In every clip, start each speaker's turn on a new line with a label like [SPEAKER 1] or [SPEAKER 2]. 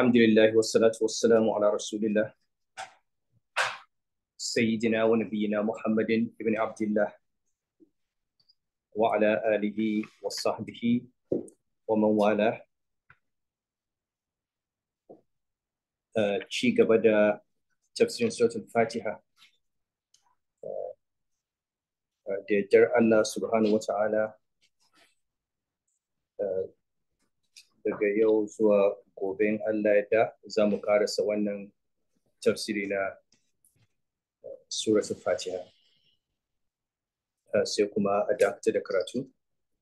[SPEAKER 1] alhamdulillah wassalatu wassalamu ala rasulillah سيدنا ونبينا محمد بن عبد الله وعلى آله وصحبه ومن والاه ci gaba da tafsirin suratul fatiha uh, da yardar Allah uh, daga yau zuwa gobe in Allah da za mu karasa wannan tafsiri na uh, suratul fatiha uh, sai kuma a dakata da karatu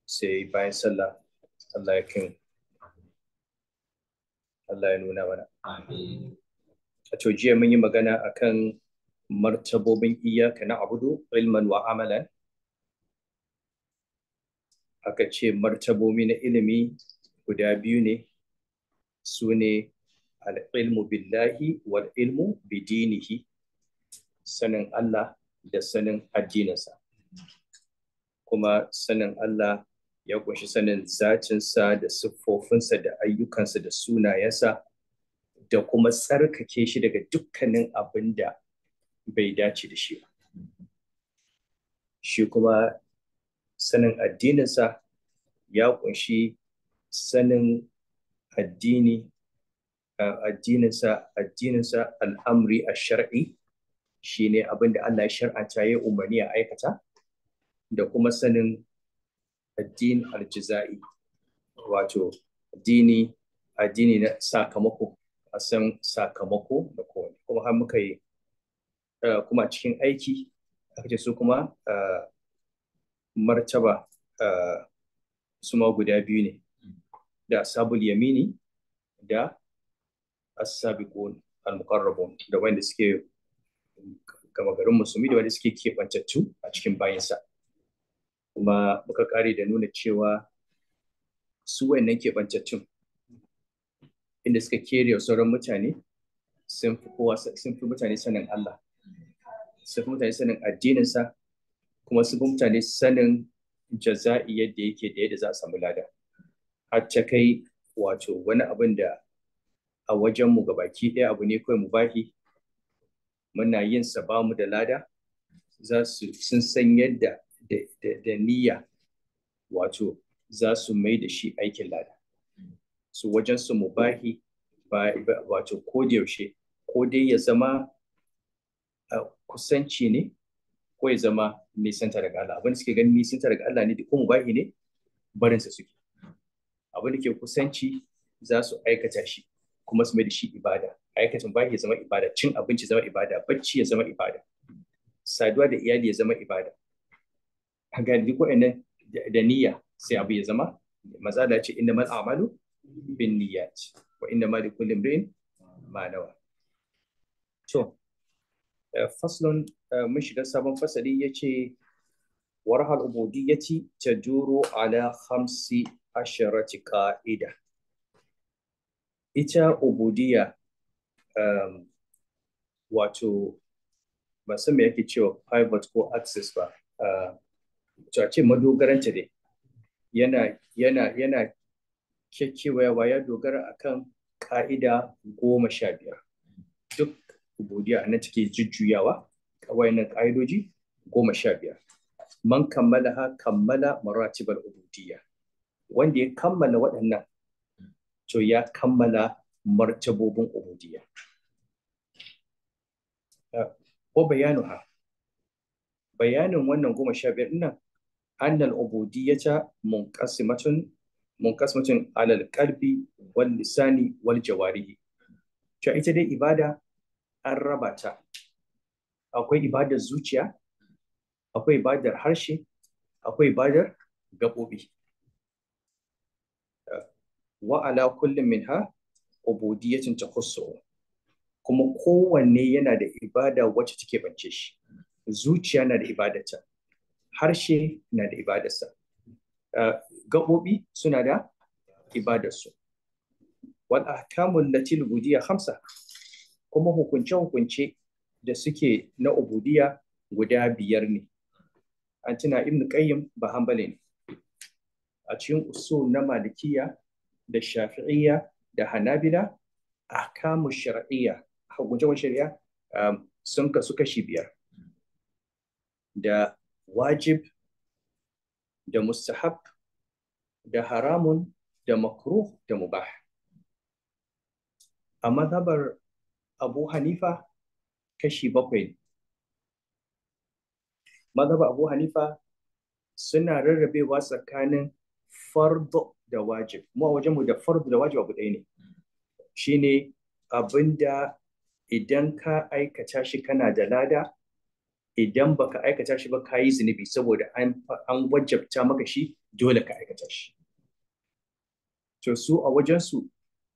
[SPEAKER 1] sai bayan sallah Allah ya kin Allah ya nuna mana a to jiya mun yi magana akan martabobin iyaka na abudu ilman wa amalan aka ce martabomi na ilimi guda biyu ne su ne al'ilmu billahi wal ilmu bidinihi sanin Allah da sanin addininsa kuma sanin Allah ya kunshi sanin zacinsa da siffofinsa da ayyukansa da sunayensa da kuma tsarkake shi daga dukkanin abin da bai dace da shi ba. Shi kuma sanin addininsa ya kunshi sanin addini addininsa addininsa al'amri a shar'i shine abin da Allah ya shar'anta ya umarni a aikata da kuma sanin addin aljiza'i wato addini addini na sakamako a san sakamako da kowane kuma har muka yi kuma cikin aiki aka ce su kuma martaba su ma guda biyu ne da sabul yamini da as-sabiqun al-muqarrabun da wanda suke gama garin musulmi da wanda suke kebantattu a cikin bayansa kuma muka kare da nuna cewa su wayannan kebantattun inda suka kere sauran mutane sun fi kowa sun fi mutane sanin Allah sun fi mutane sanin addininsa kuma sun fi mutane sanin jaza'i yadda yake da yadda za a samu lada har ta kai wato wani abin da a wajenmu ga baki ɗaya abu ne kawai bahi muna yin sa ba mu da lada za su sun san yadda da niyya wato za su mai da shi aikin lada su wajen su mu bahi wato ko da yaushe ko dai ya zama kusanci ne ko ya zama nisanta daga Allah abin da suke ganin nisanta daga Allah ne mu bahi ne barinsa suke abin da ke kusanci za su aikata shi kuma su mai da shi ibada aikata ba ya zama ibada cin abinci zama ibada bacci ya zama ibada saduwa da iyali ya zama ibada a ga duk da niyya sai abu ya zama mazala da ce inda mal amalu bin niyyat wa inda ma li kulli imrin ma nawa to eh, faslun eh, mun shiga sabon fasali yace warhal ubudiyyati tajuru ala khamsi asharati ka'ida ita ubudiya um, wato ba san me yake cewa pivot ko access ba uh, to a ce madogaranta ne yana yana yana kyakkyawa ya dogara akan ka'ida goma sha biyar duk ubudiya na cike jujjuyawa wayannan ka'idoji goma sha biyar man kammala ha kammala maratibal ubudiya. wanda ya kammala waɗannan to ya kammala martabobin ubudiyya ko ha, bayanin wannan goma sha biyar nan annal ubudiyyata munqasimatun munqasimatun alal qalbi wal lisani wal jawarihi to ita dai ibada an raba ta akwai ibadar zuciya akwai ibadar harshe akwai ibadar gaɓoɓi Wa'ala ala kullum minha ubudiyyatin takhussu kuma kowanne yana da ibada wacce take bance shi zuciya na da ibadata harshe na da ibadarsa gaɓoɓi suna da ibadarsu wal ahkamul latil ubudiyya hamsa kuma hukunce hukunce da suke na ubudiyya guda biyar ne an tuna ibn qayyim ba ne a cikin usul na malikiya da shafi'iyya da hanabila ahkamu a hukuncin shari'a um, sun kasu kashi biyar da wajib da mustahab da haramun da makruh da mubah a mazhabar abu hanifa kashi bakwai mazhabar abu hanifa suna rarrabewa tsakanin fardu da wajib mu a wajenmu da fardu da wajib abu ɗaya ne shine abinda idan ka aikata shi kana da lada idan baka aikata shi ba ka yi zunubi saboda an wajabta maka shi dole ka aikata shi to su a wajensu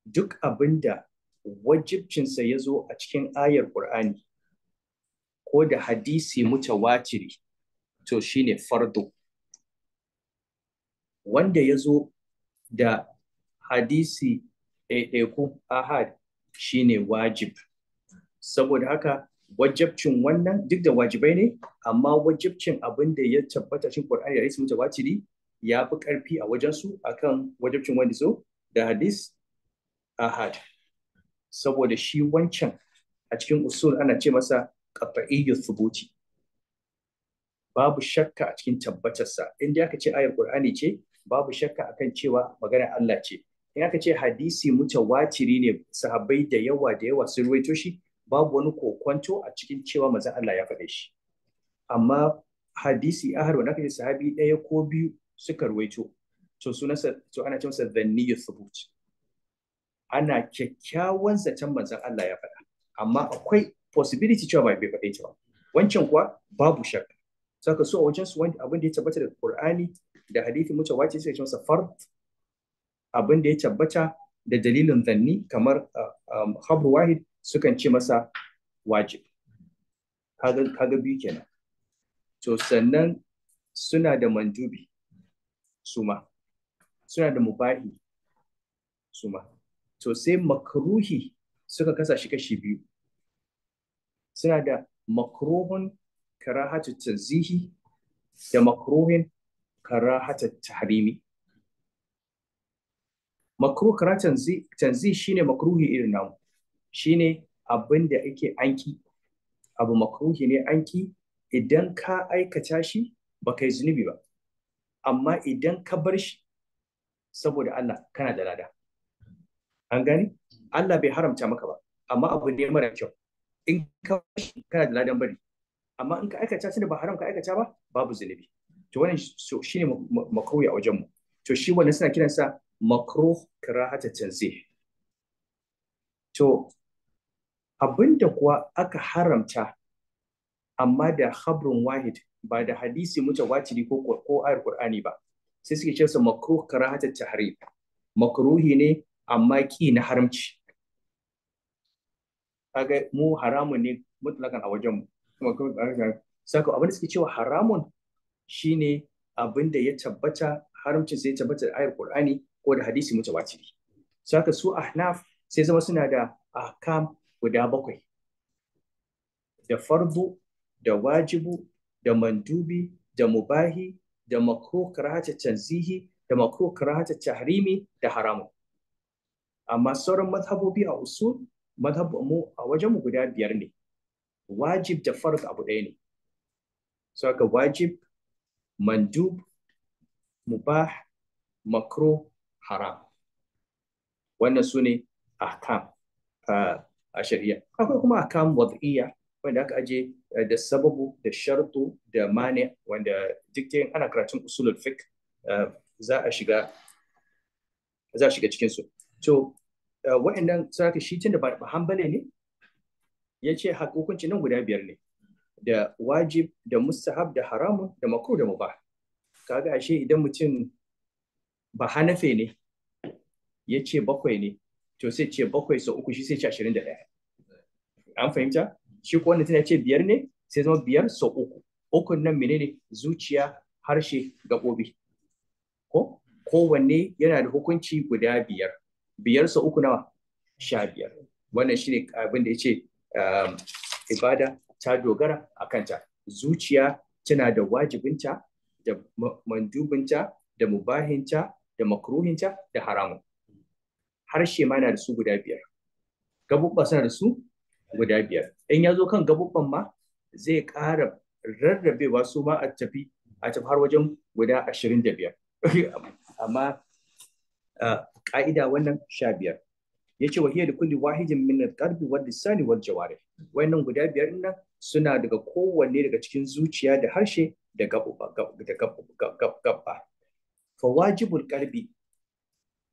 [SPEAKER 1] duk abinda wajibcinsa ya zo a cikin ayar Qur'ani ko da hadisi mutawatiri to shine fardu wanda ya zo da hadisi ɗaiɗaiku ahad shine wajib saboda haka wajabcin wannan duk da wajibai ne amma wajibcin abin da ya tabbata cikin Qur'ani da hadisi mutawatiri ya fi ƙarfi a wajensu su akan wajabcin wanda so da hadis ahad saboda shi wancan a cikin usul ana ce masa qat'iyyu thubuti babu shakka a cikin tabbatarsa inda aka ce ayar Qur'ani ce babu shakka akan cewa maganar Allah ce in aka ce hadisi muta waciri ne sahabbai da yawa da yawa sun ruwaito shi babu wani kokwanto a cikin cewa maza Allah ya faɗa shi amma hadisi a wanda na ce sahabi ɗaya ko biyu suka ruwaito to sunansa to ana ce masa dhanniyu thubut ana kyakkyawan zaton mazan Allah ya faɗa amma akwai possibility cewa bai faɗe ta ba wancan kuwa babu shakka saka so a wajen su wanda abin da ya tabbata daga Qur'ani da hadisi wace sai ci masa fard abin da ya tabbata da dalilin zanni kamar ah, ah, habr wahid sukan ce masa wajib kaga biyu kenan to sannan suna da mandubi suma suna da mubahi suma to sai makruhi suka kasa shi kashi biyu suna da makruhun karahatu tanzihi da makruhin karahata tahrimi makruh kara tanzi tanzi shine makruhi irin namu shine abin da ake anki abu makruhi ne anki idan ka aikata shi baka yi zunubi ba amma idan ka bar shi saboda Allah kana da lada an gani Allah bai haramta maka ba amma abu ne mara kyau in ka bar shi kana da ladan bari amma in ka aikata shi ne ba haram ka aikata ba babu zunubi to wannan shine makruhi a wajen mu to shi wannan suna kiransa makruh karahata tanzih to abinda kuwa aka haramta amma da khabrun wahid ba da hadisi mutawatiri ko ko ayar qur'ani ba sai suke cewa makruh karahata tahrim makruhi ne amma ki na haramci kaga mu haramun ne mutlakan a wajen mu saka abin da suke cewa haramun shine abin da ya tabbata haramcin sai ya tabbata da ayar Qur'ani ko da hadisi mutawatiri so haka su ahnaf sai zama suna da ahkam guda bakwai da fardu da wajibu da mandubi da mubahi da makruh karahata tanzihi da makruh karahata tahrimi da haramu amma sauran mazhabobi a usul mazhabu a wajen mu guda biyar ne wajib da farz abu ɗaya ne so haka wajib mandub mubah makro haram wannan su ne ahkam ah, a shari'a akwai kuma ahkam wad'iyya wanda aka aje eh, da sababu da shartu da mani wanda duk ana karatun usulul fiqh eh, za a shiga za a shiga cikin su to eh, wa'annan ka shi tunda ba hanbali ne ya ce hukunci nan guda biyar ne da wajib da mustahab da haramun da makruh da mubah kaga ashe idan mutum ba hanafe ne ya ce bakwai ne to sai ce bakwai sau uku shi sai ce ashirin da ɗaya an fahimta shi ko wanda tana ce biyar ne sai zama biyar sau uku ukun nan menene zuciya harshe gaɓoɓi ko kowanne yana da hukunci guda biyar biyar sau uku nawa sha biyar wannan shine abin da ya ce um, ibada ta dogara a kanta zuciya tana da wajibinta da mandubinta da mubahinta da makruhinta da haramun harshe ma na da su guda biyar gabubba suna da su guda biyar in ya zo kan gabubban ma zai ƙara rarrabewa su ma a tafi a tafi har wajen guda ashirin da biyar amma ƙa'ida wannan sha biyar ya ce wahiyar da kulli wahidin min al-qalbi wal lisani wal jawarih wayannan guda biyar nan suna daga kowanne daga cikin zuciya da harshe da gabba. Fa wajibul qalbi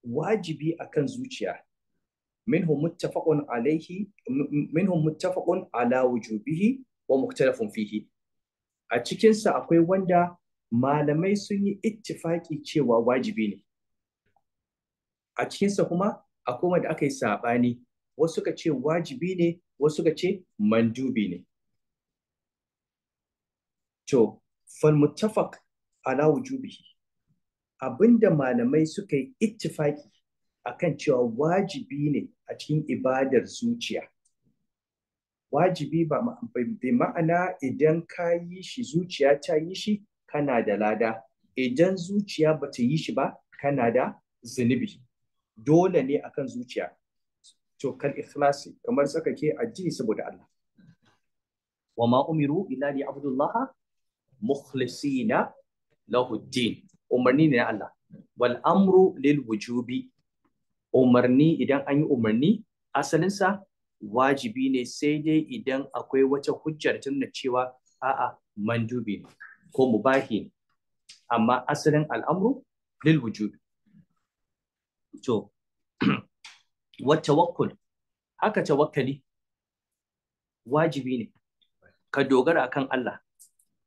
[SPEAKER 1] wajibi akan zuciya minhum muttafaqun alaihi ala wujubihi wa mukhtalafun fihi a cikinsa akwai wanda malamai sun yi ittifaki cewa wajibi ne a cikin kuma akwai wanda aka yi saɓani, wasu ka ce wajibi ne wasu ka ce mandubi ne to fal muttafaq ala wujubihi abinda malamai suka yi ittifaki akan cewa wajibi ne a cikin ibadar zuciya wajibi ba bi ma'ana idan ka yi shi zuciya ta yi shi kana da lada idan zuciya ba ta yi shi ba kana da zunubi dole ne akan zuciya to kal ikhlasi kamar tsakake addini saboda Allah wa ma umiru illa li abdullah mukhlisina lahuddin umarni ne na Allah wal amru lil wujubi umarni idan an yi umarni asalinsa wajibi ne sai dai idan akwai wata hujjar tana cewa a'a mandubi ne ko mubahi ne amma asalin al'amru lil wujubi to wa tawakkul haka tawakkali wajibi ne ka dogara akan Allah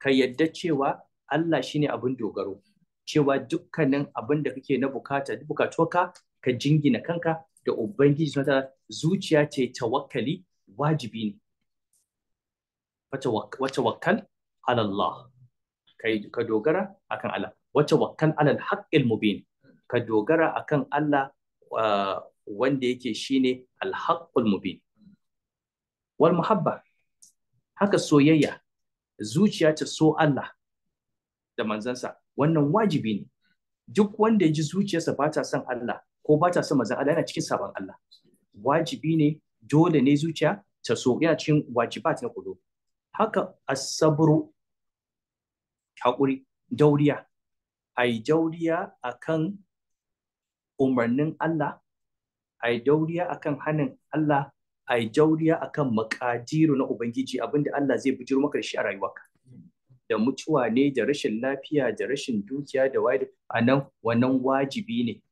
[SPEAKER 1] ka yadda cewa Allah shine abin dogaro cewa dukkanin abin da kake na bukata bukatuwarka ka jingina kanka da ubangiji sunata zuciya ce tawakkali wajibi ne wata wakkal ala Allah ka dogara akan Allah wata wakkal ala al mubin ka dogara akan Allah wanda yake shine al-haqqul mubin wal muhabba haka soyayya zuciya ta so Allah da manzansa wannan wajibi ne duk wanda ya ji zuciyarsa ba ta son Allah ko ba ta son manzan Allah yana cikin sabon Allah wajibi ne dole ne zuciya ta so yana cikin wajibat na kudu haka asabru hakuri dauriya ai dauriya akan umarnin Allah ai dauriya akan hanin Allah a yi jauriya akan makadiru na ubangiji abinda Allah zai bijiro maka da shi a rayuwarka da mutuwa ne da rashin lafiya da rashin dukiya da waye a nan wannan wajibi ne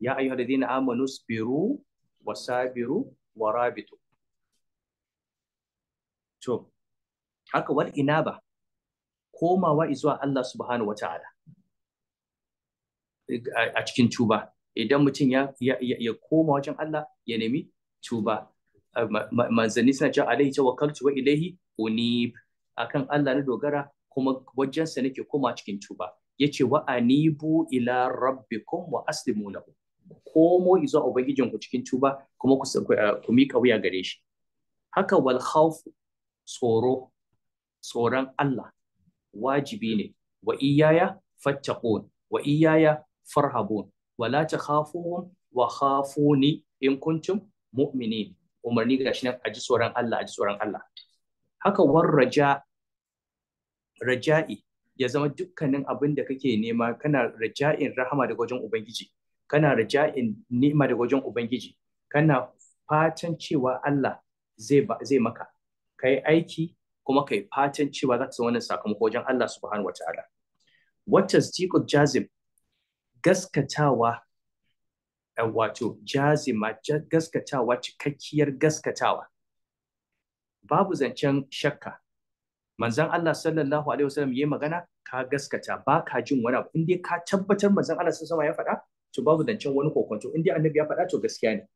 [SPEAKER 1] ya ayyuhal ladina amanu sabiru wasabiru warabitu to haka wal inaba komawa izuwa Allah subhanahu wata'ala a cikin tuba idan mutum ya, ya koma wajen Allah ya nemi tuba manzanni suna cewa alaihi tawakkaltu wa ilaihi unib akan Allah na dogara kuma wajensa nake koma cikin tuba yace wa anibu ila rabbikum wa aslimu lahu komo izo ubangijin ku cikin tuba kuma ku ku eh, mika wuya gare shi haka wal khawf tsoro tsoron Allah wajibi ne wa iyaya fattaqun wa iyaya farhabun wala takhafuhum wa khafuni in kuntum mumini umarni ga shi nan aji ji tsoron Allah a tsoron Allah haka war raja raja'i ya zama dukkanin abin da kake nema kana raja'in rahama daga wajen ubangiji kana raja'in ni'ima daga wajen ubangiji kana fatan cewa Allah zai zai maka kai aiki kuma kai fatan cewa za ka san wannan sakamako wajen Allah subhanahu wataala what tasdiqul jazim gaskatawa wato jazima gaskatawa cikakkiyar gaskatawa babu zancen shakka manzon Allah sallallahu alaihi wasallam yayi magana ka gaskata ba ka jin wani abu indai ka tabbatar manzon Allah sallallahu alaihi wasallam ya faɗa to babu zancen wani kokonto indai annabi ya faɗa to gaskiya ne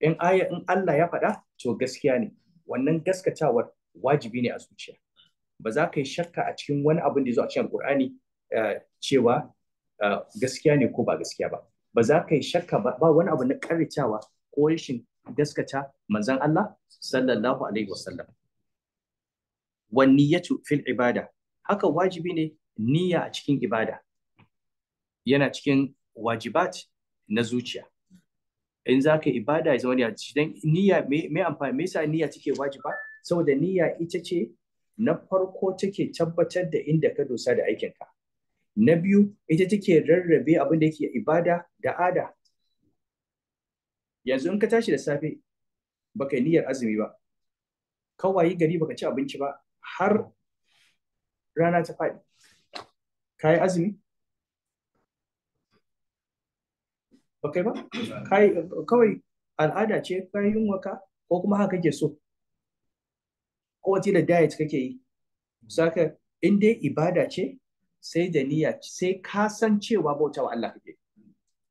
[SPEAKER 1] in aya in Allah ya faɗa to gaskiya ne wannan gaskatawar wajibi ne a zuciya ba za ka yi shakka a cikin wani abu da ya zo a cikin Qur'ani eh, cewa eh, gaskiya ne ko ba gaskiya ba ba za ka yi shakka ba ba wani abu na karicawa ko rashin gaskata manzon Allah sallallahu alaihi wasallam wan niyyatu fil ibada haka wajibi ne niyya a cikin ibada yana cikin wajibat na zuciya in za ka ibada ya zama dan niyya mai amfani me yasa niyya take wajiba saboda niyya ita ce na farko take tabbatar da inda ka dosa da aikinka na biyu ita take rarrabe abin da yake ibada da ada yanzu in ka tashi da safe baka yi niyyar azumi ba kawai gari baka ci abinci ba har rana ta faɗi ka yi azumi ba kai ba kawai al'ada ce ka yi yunwaka ko kuma haka kake so ko wace da diet kake yi saka in dai ibada ce sai da niyya sai ka san cewa wa Allah kake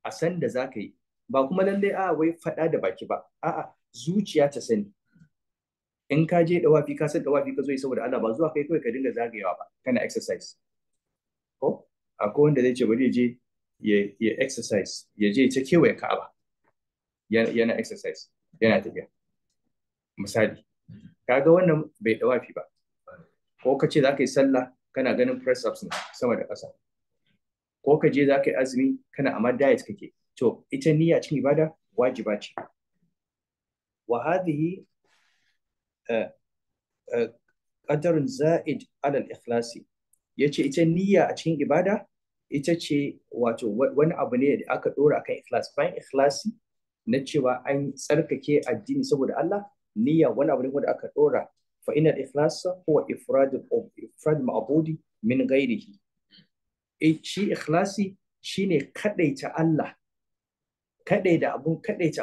[SPEAKER 1] a san da za ka yi ba kuma lallai a ah, wai faɗa da baki ba a'a zuciya ta sani in ka je wafi ka san wafi ka zo yi saboda Allah ba zuwa kai kawai ka dinga zagayawa ba kana exercise ko akwai wanda zai ce bari je ya ya exercise ya je ta waya Ka'aba yana exercise yana tafiya misali kaga wannan bai wafi ba ko ka ce za ka yi sallah kana ganin press ups ne sama da ƙasa ko ka je za ka yi azumi kana amma diet kake to ita niyya cikin ibada wajiba ce wa hadhihi eh, eh, qadarun za'id alal ikhlasi yace ita niyya a cikin ibada ita ce wato wani abu ne da aka dora akan ikhlas bayan ikhlasi na cewa an tsarkake addini saboda Allah niyya wani abu ne wanda aka dora فإن الإخلاص هو إفراد إفراد من غيره min ghairihi إخلاصي eh, shi ikhlasi shine الله da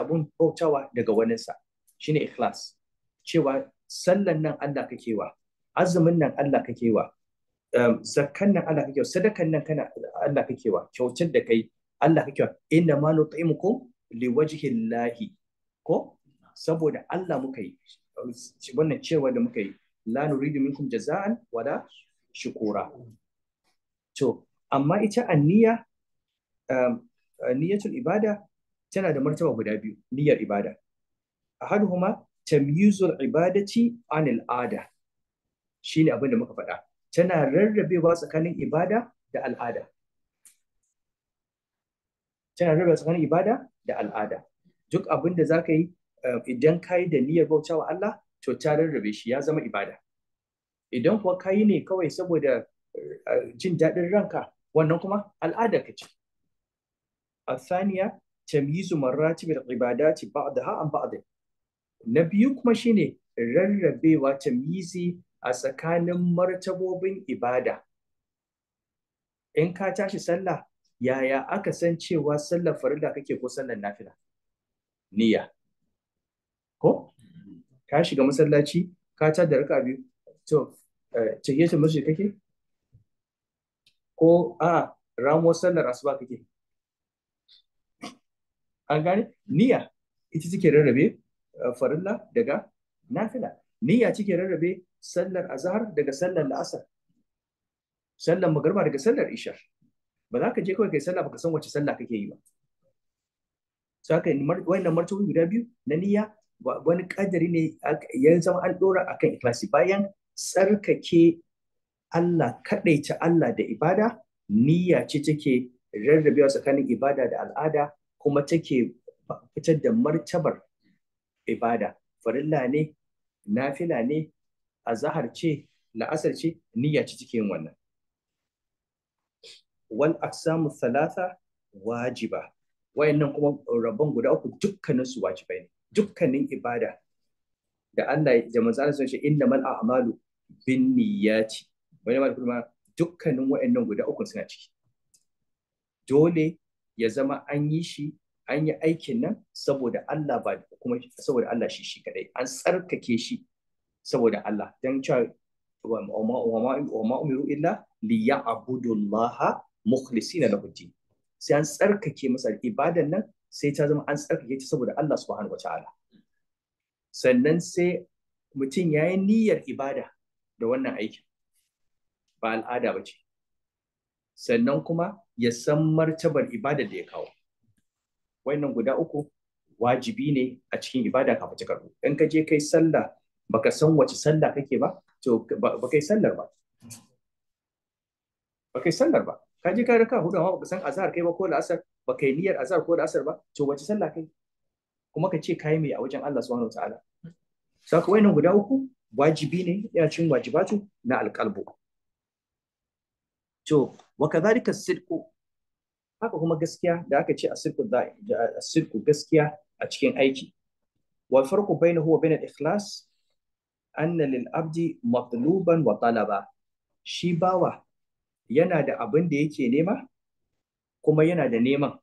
[SPEAKER 1] abun bautawa daga waninsa shine إخلاص cewa sallan nan Allah kake wa azumin nan Allah kake wa um, zakkan nan Allah kake wa sadakan nan kana Allah kake wa kyautar da kai Allah kake wa inna ma ko saboda Allah muka yi wannan cewa da muka yi la nuridu minkum jaza'an wala shukura to amma ita anniya um, niyyatul ibada tana da martaba guda biyu niyyar ibada ahaduhuma tamyizul ibadati anil ada shine abin da muka faɗa tana rarrabewa tsakanin ibada da al'ada tana rarrabewa tsakanin ibada da al'ada duk abin da ka yi Um, idan ka yi da niyyar bauta wa Allah to ta rarrabe shi ya zama ibada idan kuwa ka yi ne kawai saboda uh, jin daɗin ranka wannan kuma al'ada ka ce A Saniya, tamyizu marrati bil ibadati ba'daha an بعض na biyu kuma shine rarrabewa tamyizi a tsakanin martabobin ibada in ka tashi sallah yaya aka san cewa sallar farilla kake ko sallar nafila niyya ko mm-hmm. ka shiga masallaci ka ta da raka biyu to eh, tahiyatul masjid kake ko a ramuwar sallar asuba kake an gane niyya ita take rarrabe eh, farilla daga nafila niyya take rarrabe sallar azhar daga sallar la'asar sallar magarba daga sallar isha ba za ka je kawai kai sallah baka san wace sallah kake yi ba saka wannan martabi guda biyu na niyya wani kadari ne ya zama an dora akan ikhlasi bayan tsarkake Allah ta Allah da ibada niyya ce take rarrabewa tsakanin ibada da al'ada kuma take fitar da martabar ibada farilla ne nafila ne azahar ce la'asar ce niyya ce take yin wannan wal aqsamu thalatha wajiba wayannan kuma rabon guda uku dukkanin wajibai ne dukkanin ibada da Allah da manzo Allah sun ce mal a'malu niyyati wani ma kuma dukkanin wayannan guda uku suna ciki dole ya zama an yi shi an yi aikin nan saboda Allah ba kuma saboda Allah shi shi kadai an tsarkake shi saboda Allah dan cewa wa ma umiru illa ya'budu Allah mukhlisina lahu din sai an tsarkake masa ibadan nan sai ta zama an tsarkake ta saboda Allah subhanahu wa ta'ala sannan sai mutum ya yi niyyar ibada da wannan aikin ba al'ada ba ce sannan kuma ya san martabar ibada da ya kawo wannan guda uku wajibi ne a cikin ibada kafin ta karɓu in ka je kai sallah baka san wace sallah kake ba to ba kai sallar ba ba kai sallar ba ka je ka raka hudawa ba baka san azhar kai ba ko la'asar ba kai niyyar azhar ko da asar ba to wace sallah kai kuma ka ce kai mai a wajen Allah subhanahu wataala saka wayannan guda uku wajibi ne ya cin wajibatu na alqalbu to wa kadhalika sidqu haka kuma gaskiya da aka ce asirku asirku gaskiya a cikin aiki wal farqu bainahu wa bainal ikhlas anna lil abdi matluban wa talaba shi bawa yana da abin da yake nema kuma yana da neman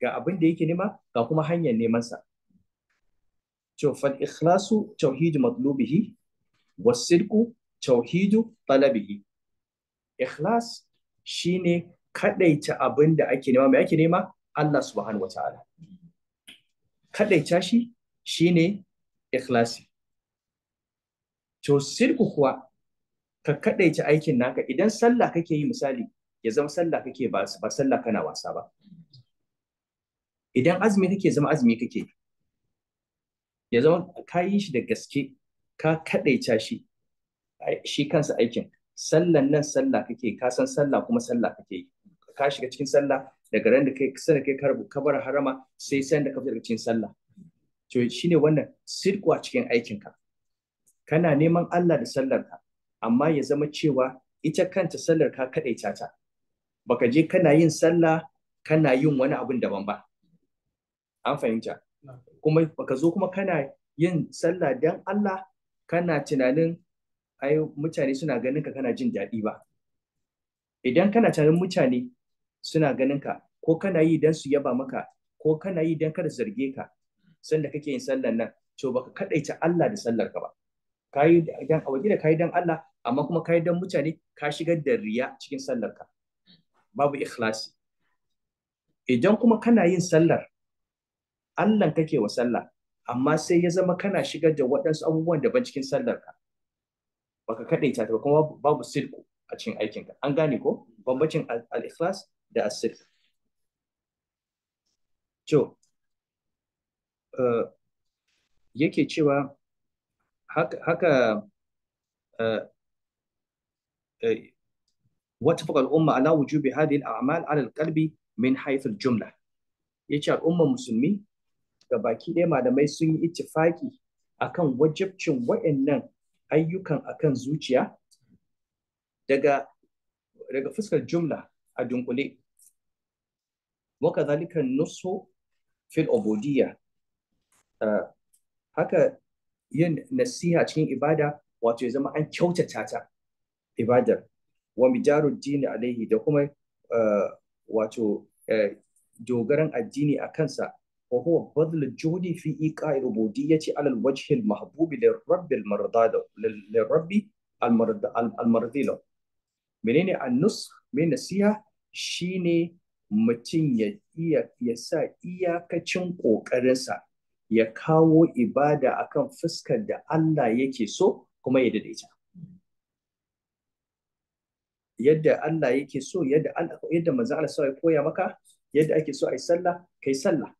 [SPEAKER 1] ga abin da yake nema ga kuma hanyar nemansa to fal ikhlasu tauhidu matlubihi Sirku tauhidu talabihi ikhlas shine kadaita abin da ake nema mai ake nema Allah subhanahu wataala kadaita shi shine ikhlasi to sirku kuwa ka kadaita aikin naka idan sallah kake yi misali ya zama sallah kake ba ba sallah kana wasa ba idan azumi kake zama azumi kake ya zama ka yi shi da gaske ka kaɗaica shi shi kansa aikin sallan nan sallah kake ka san sallah kuma sallah kake ka shiga cikin sallah daga ran da kai sai kai karbu kabar harama sai san da ka fita cikin sallah to shine wannan sirkuwa cikin cikin aikinka kana neman Allah da sallar ka, amma ya zama cewa ita kanta sallar ka kadaita ta baka je kana yin sallah kana yin wani abun daban ba an fahimta kuma baka zo kuma kana yin sallah dan Allah kana tunanin ai mutane suna ganin ka kana jin daɗi ba idan kana tunanin mutane suna ganin ka ko kana yi dan su yaba maka ko kana yi dan kada zarge ka sanda kake yin sallar nan to baka kadaita Allah da sallar ka ba kayi dan a waje da kayi dan Allah amma kuma kayi dan mutane ka shigar da riya cikin sallar ka babu ikhlasi idan kuma kana yin sallar Allah kake wa sallah amma sai ya zama kana shigar da waɗansu abubuwan da ban cikin sallar ka baka kadaita ta kuma babu sirku a cikin aikin ka an gane ko bambancin al-ikhlas da as to eh, yake cewa haka haka eh, eh, واتفق الأمة على وجوب هذه الأعمال على القلب من حيث الجملة yace al'ummar musulmi ga baki ɗaya malamai sun yi ittifaki akan wajibcin wa'annan ayyukan akan zuciya daga daga fuskar jumla a dunkule waka zalika nusu fil obodiya haka yin nasiha cikin ibada wato ya zama an kyautata ta ibadar wa dini alaihi da kuma eh, wato eh, dogaran addini a kansa wa huwa badl judi fi iqa'i rububiyyati ala al-wajhi al-mahbubi lirabbi al-mardada lirabbi al-mardila menene annus min nasiha shine mutum ya iya ya sa iyakacin ƙoƙarinsa ya kawo ibada akan fuskar da Allah yake so kuma ya daidaita. yadda Allah yake so yadda yadda manzo Allah ya koya maka yadda ake so ai sallah kai sallah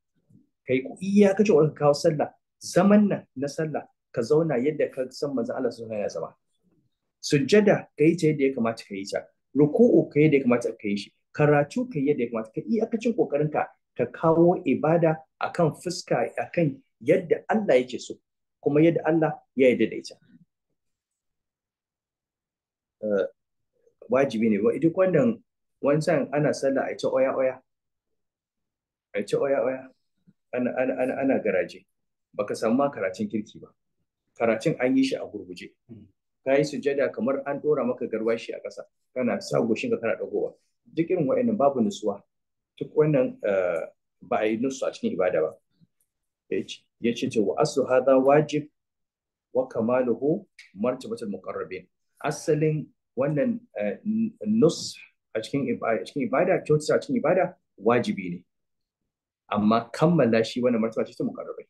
[SPEAKER 1] kai iya kace wani kawo sallah zaman nan na sallah ka zauna yadda ka san manzo Allah sai ya zama sujjada kai ta yadda ya kamata ka yi ta ruku'u kai yadda ya kamata ka yi shi karatu kai yadda ya kamata ka iya cin kokarin ka ka kawo ibada akan fuska akan yadda Allah yake so kuma yadda Allah ya yi da ita uh, wajibi ne duk wannan wancan ana sallah a ce oya oya a ce oya oya ana ana ana ana garaje baka samu ma karatun kirki ba karatun an yi shi a gurguje hmm. ka yi sujada kamar an dora maka garwashi a ƙasa kana sa hmm. goshin ka kana dagowa duk irin wa'annan babu nutsuwa duk wannan eh, ba a yi nutsu cikin ibada ba ya ce ce wa asu hada wajib wa kamaluhu martabatul muqarrabin asalin wannan eh, nus a cikin ibada kyautata a cikin ibada wajibi ne amma kammala shi wannan martaba ce ta mukarrabai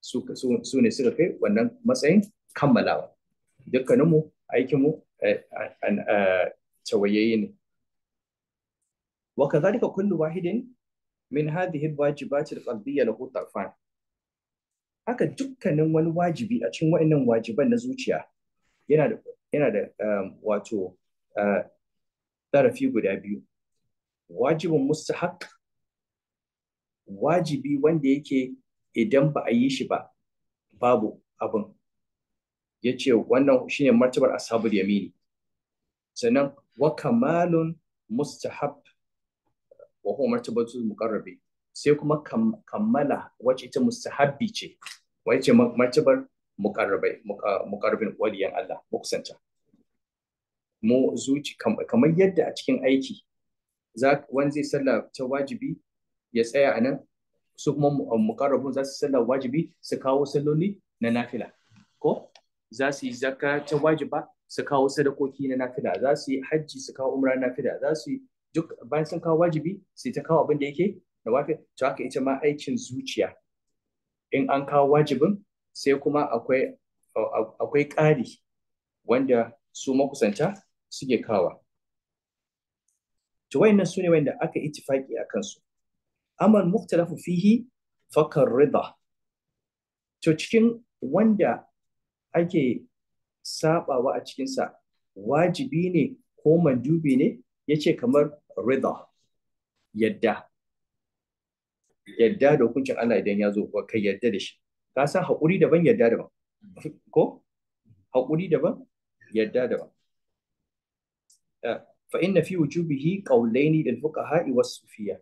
[SPEAKER 1] su su ne suka kai wannan matsayin kammalawa dukkaninmu aikinmu eh, tawayayye ne wa kadhalika kullu wahidin min hadhihi alwajibati alqalbiyya lahu tarfan haka dukkanin wani wajibi a cikin wa'annan wajiban na zuciya yana da yana da um, wato uh, zarafi guda biyu wajibin mustahaq wajibi wanda yake idan ba a yi shi ba babu abin ya ce wannan shine martabar asabul yamini sannan wa kamalun mustahab wa kuma martabar martabatul muqarrabi sai kuma kammala wacce ita mustahabbi ce wacce martabar mukarrabai mukarrabin waliyan Allah kusanta mu zuci kamar yadda a cikin aiki wani zai sallah ta wajibi ya tsaya a nan su kuma mukarrabun za su sallah wajibi su kawo salloli na nafila ko za su yi zakka ta wajiba su kawo sadakoki na nafila za su yi hajji su kawo umra nafila za su yi duk bayan sun kawo wajibi yi ta kawo abin da yake da wafi to haka ita ma aikin zuciya in an kawo wajibin sai kuma akwai akwai ƙari wanda su makusanta suke kawa to wayannan su wanda aka ittifaki a kansu amal muktalafu fihi fakar rida to cikin wanda ake sabawa a cikinsa wajibi ne ko mandubi ne yace kamar rida yadda yadda da hukuncin Allah idan ya zo wa kai yadda da shi ka san haƙuri daban yadda daban mm. ko haƙuri daban yadda daban fa inna fi wujubihi qawlaini lil fuqaha wa sufiya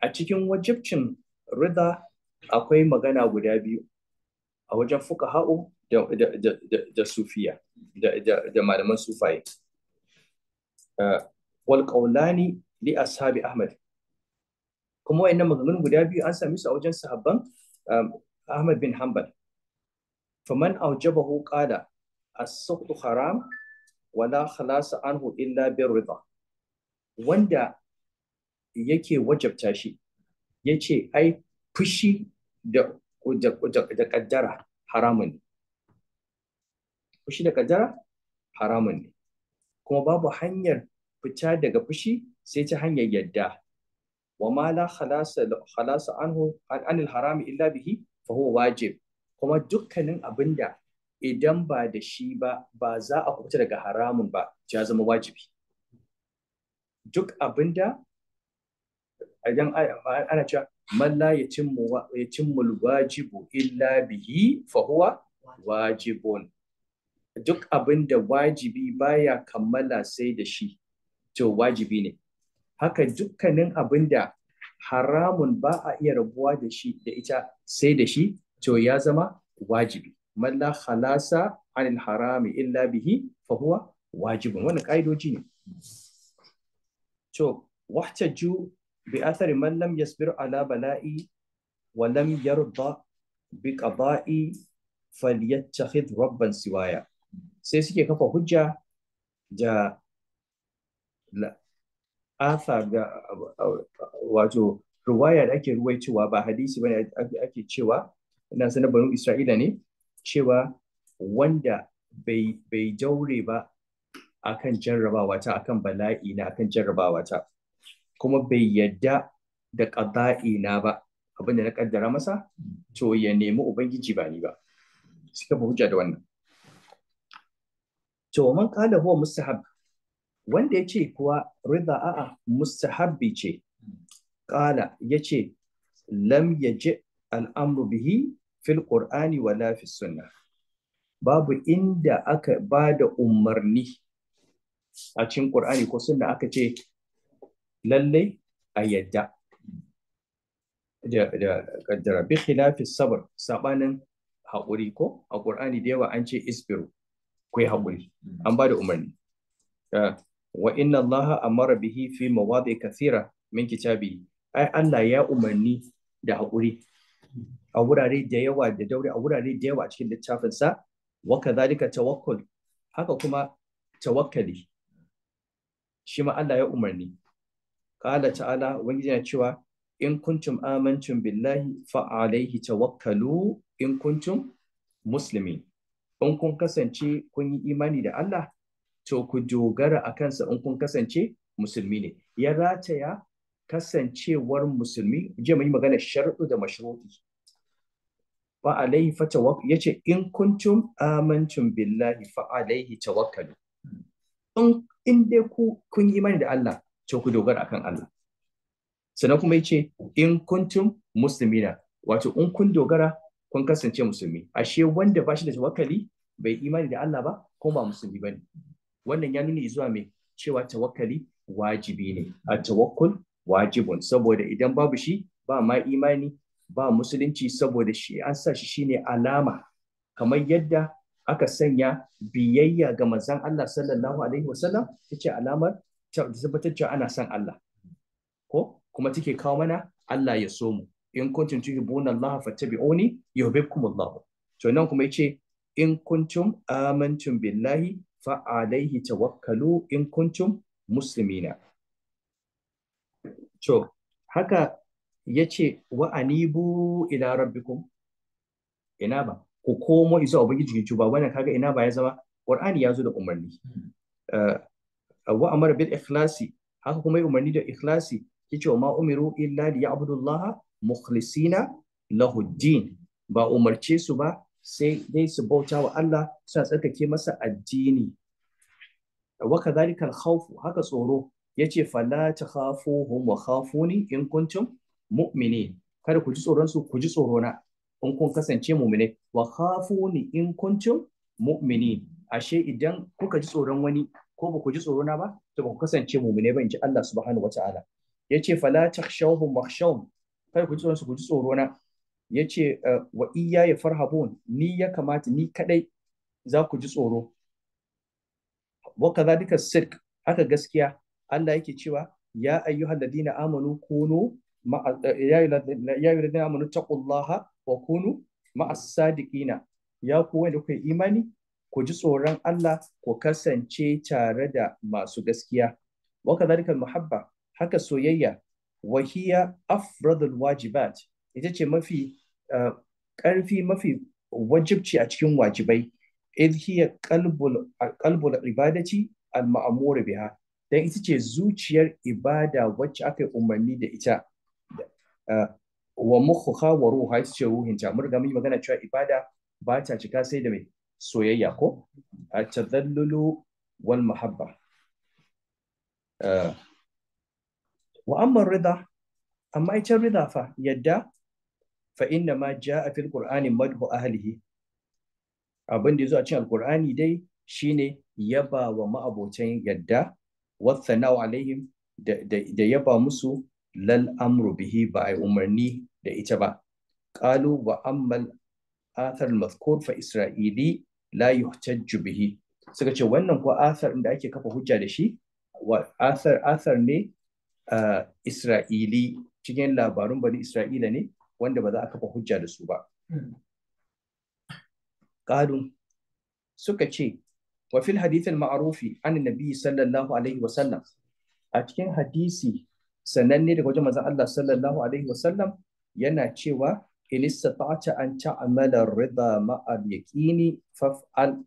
[SPEAKER 1] a cikin wajibcin rida akwai magana guda biyu a wajen fuqaha da da da sufiya da da malaman sufaye wal qawlani li ashabi ahmad kuma wayannan maganganun guda biyu an sami su a wajen sahabban um, Ahmad bin Hanbal faman aujabahu qala as-suqtu haram wala khalasa anhu illa bir rida wanda yake wajabta shi yace ai fushi da da kaddara haramun ne fushi da kaddara haramun ne kuma babu hanyar fita daga fushi sai ta hanyar yadda wa ma la khalasa khalasa anhu anil harami illa bihi fa wajib kuma dukkanin abinda idan ba da shi ba ba za a kubuta daga haramun ba ya zama wajibi duk abinda. idan ana cewa man la yatimmu wajibu illa bihi Fahuwa wajibun duk abinda wajibi baya kammala sai da shi to wajibi ne haka dukkanin abinda. haramun ba a iya rabuwa da shi da ita sai da shi to ya zama wajibi malla la anil harami illa bihi fa huwa wajibun wannan kaidoji ne to wahtaju bi athari man lam yasbir ala bala'i wa lam yarda bi qada'i falyattakhidh rabban siwaya sai suke kafa hujja da asar da wato ruwaya da ake ruwaicewa ba hadisi ba ake cewa na sanar banu isra'ila ne cewa wanda bai jaure ba akan jarrabawa ta akan bala'i na akan jarrabawa ta kuma bai yadda da ƙada'i na ba abinda na ƙaddara masa to ya nemi ubangiji ba ni ba suka hujja da wannan to man qala huwa mustahab wanda ya ce kuwa rida a'a mustahabbi ce ƙala ya ce lam ya ji al'amru bihi fil qur'ani wa lafi suna babu inda aka ba da umarni a cikin ƙur'ani ko sunna aka ce lallai a yadda da kaddara bi khilafi sabr sabanin haƙuri ko a ƙur'ani da yawa an ce isbiru ku yi haƙuri an bada umarni ah, wa inna mara amara bihi fi mawadi kathira min kitabi ai Allah ya umarni da haƙuri a wurare da yawa da daure a wurare da yawa a cikin littafin sa wa kadhalika tawakkul haka kuma tawakkali shi Allah ya umarni qala ta'ala ubangiji yana cewa in kuntum amantum billahi fa alaihi tawakkalu in kuntum muslimin in kun kasance kun yi imani da Allah to ku dogara a kansa in kun kasance musulmi ne ya rataya kasancewar musulmi je mu yi magana sharɗu da mashruɗi fa alaihi ya yace in kuntum amantum billahi fa alaihi tawakkalu in dai ku kun yi mani da Allah to ku dogara akan Allah sannan kuma ya ce, in musulmi na. wato in kun dogara kun kasance musulmi ashe wanda ba shi da tawakkali bai imani da Allah ba ko ba musulmi ba ne? wannan ya nuna zuwa mai cewa tawakkali wajibi ne a tawakkul wajibun saboda idan babu shi ba ma imani ba musulunci saboda shi an sa shi shine alama kamar yadda aka sanya biyayya ga manzon Allah sallallahu alaihi wasallam tace alamar tabbatar cewa ana son Allah ko kuma take kawo mana Allah ya so mu in kuntum tuhibuna Allah fattabi'uni yuhibbukum Allah to nan kuma yace in kuntum amantum billahi Fa'adai alaihi tawakkalu in kuntum muslimina to haka ce wa anibu ila rabbikum ina ba ku komo izuwa ubangiji jikinku ba wannan kaga ina ba ya zama qur'ani ya zo da umarni hmm. eh, wa amara bil ikhlasi haka kuma umarni da ikhlasi ce wa ma umiru illa liya'budullaha mukhlisina lahuddin ba umarce su ba sai dai su bauta wa Allah suna tsarkake masa addini wa kadhalika al haka tsoro yace fala takhafuhum wa khafuni in kuntum mu'mini. kada ku ji tsoron su ku ji tsoro na in kun kasance mu'mini. wa khafuni in kuntum mu'mini. ashe idan kuka ji tsoron wani ko ba ku ji tsoro na ba to ba ku kasance mu'mini ba in ji Allah subhanahu wataala yace fala mu wakhshawm kada ku ji tsoron su ku ji tsoro na ya ce eh, wa iya ya farhabun ni ya kamata ni kadai za ku ji tsoro wa kaza duka sirk haka gaskiya Allah yake cewa ya ayyuhal ladina amanu kunu eh, ya ayyuhal ladina amanu taqullaha wa kunu ma'as sadiqina ya ku wanda kuke imani ku ji tsoron Allah ku kasance tare da masu gaskiya wa kadhalika muhabba haka soyayya wa hiya afradul wajibat ita ce mafi eh, ƙarfi mafi wajibci a cikin wajibai idh hiya qalbul ibadati al ma'mur biha dan ita ce zuciyar ibada wacce aka yi umarni da ita eh, wa mukhuha wa ruha ita ce ruhinta mun riga mun magana cewa ibada ba ta cika sai da mai soyayya ko a tadallulu wal mahabba eh, wa amma rida amma ita rida fa yadda fa inna ma ja'a fil qur'ani madhu ahlihi abin da yazo a cikin alqur'ani dai shine yaba wa ma'abocin yadda wathanau alaihim da yaba musu lal amru bihi ba ai umarni da ita ba Ƙalu wa ammal athar mazkur fa isra'ili la yuhtajju bihi suka ce wannan ko athar da ake kafa hujja da shi athar athar ne ah, isra'ili cikin labarun bani isra'ila ne wanda ba za a kafa hujja da su ba ƙalu hmm. suka ce wa fil hadith al an nabi sallallahu alaihi wa sallam a cikin hadisi sananne daga wajen manzon Allah sallallahu alaihi wa sallam yana cewa in istata'ta an ta'mala ar-ridha ma'a al-yaqini faf'al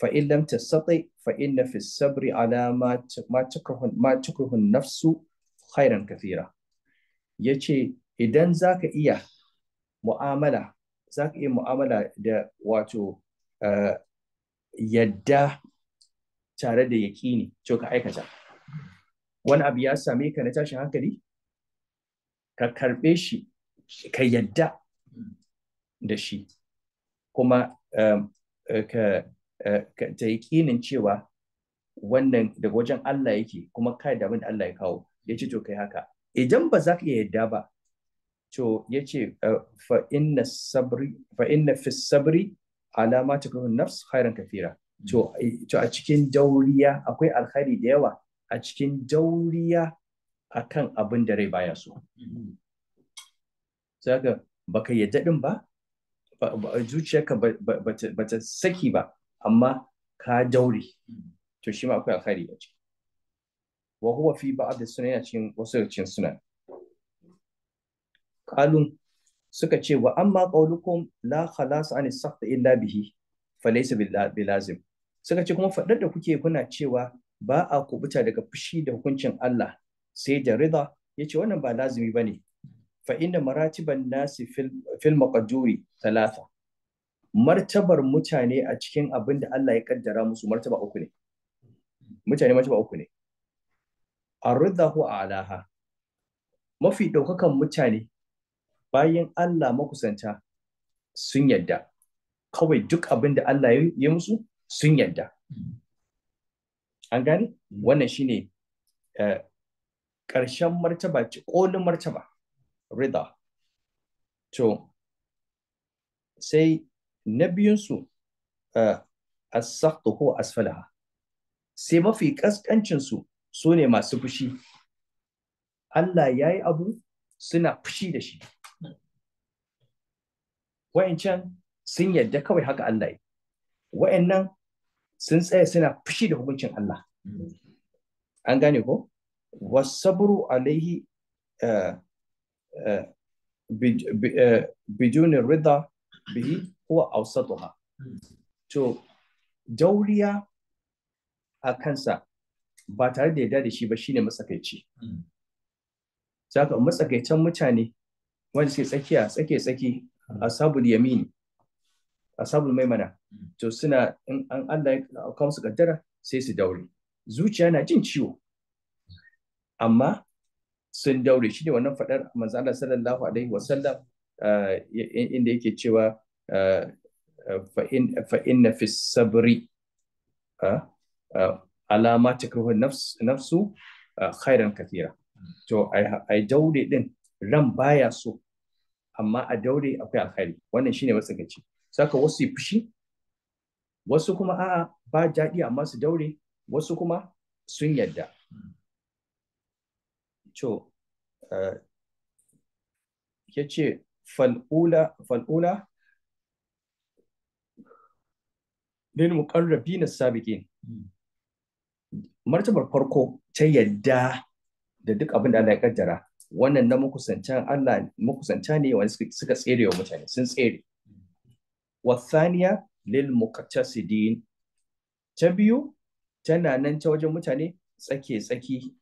[SPEAKER 1] fa in lam tastati fa inna fi as-sabri ala ma ma tukrahun ma tukrahun nafsu khairan kathira yace idan za ka iya mu'amala za ka iya mu'amala da wato eh, yadda tare da yaƙini to ka aikata wani abu ya same ka na tashin hankali ka karɓe shi ka yadda da shi kuma eh, eh, ka ta yaƙinin cewa wannan daga wajen Allah yake kuma kai da abin da Allah ya kawo ya ce to kai haka idan ba za ka iya yadda ba to yace eh, fa inna sabri fa inna fi sabri alama takunu nafs khairan kafira to to a cikin dauriya akwai alkhairi da yawa a cikin dauriya akan abin da rai baya so saka baka yadda din ba zuciyarka ba ta saki ba amma ka dauri. to shi ma akwai alkhairi a ciki wa huwa fi ba'd sunan cikin wasu cikin sunan kalun suka ce wa amma qaulukum la khalas an illa bihi falaysa bilazim suka ce kuma faɗar da kuke kuna cewa ba a kubuta daga fushi da hukuncin Allah sai da rida yace wannan ba lazimi bane fa inda maratiban nasi fil, fil maqduri talata martabar mutane a cikin abin da Allah ya kaddara musu martaba uku ne mutane martaba uku ne ardahu alaha mafi daukakan mutane bayan Allah makusanta sun yadda kawai duk abin da Allah ya musu sun yadda an gani wannan shine eh, ƙarshen martaba ce ƙolin martaba rida to sai na biyunsu eh, a ko asfalaha sai mafi ƙasƙancinsu su ne masu fushi Allah ya yi abu suna fushi da shi wa'ancan sun yadda kawai haka Allah yi wa'annan sun tsaya suna fushi da hukuncin Allah an gane ko wasabru alaihi eh, eh, bijunin eh, rida bihi huwa awsatuha to dauriya a kansa ba tare da yarda da shi ba shine matsakaici saka matsakaicen mutane wanda suke tsakiya tsake tsaki hmm. a sabul yamini ashabul maimana hmm. to suna in an Allah ya kawo su kaddara sai su daure zuciya na jin ciwo amma sun daure shi ne wannan fadar manzo Allah sallallahu alaihi wasallam eh, inda yake cewa eh, fa inna fi sabri eh, alama takrahu nafsu khairan kathira to a daure din ran baya so amma a daure akwai alkhairi wannan shine matsakaici. saka wasu yi fushi wasu kuma a'a ba daɗi amma su daure wasu kuma sun yadda to eh, ya ce fal'ula fal'ula lil muqarrabin sabiqin hmm. martabar farko ta yadda da duk abin da Allah ya kaddara wannan na makusantan Allah makusanta ne wanda suka tsere wa mutane sun tsere Wa wasaniya lil muqtasidin ta biyu tana nan ta wajen mutane tsake tsaki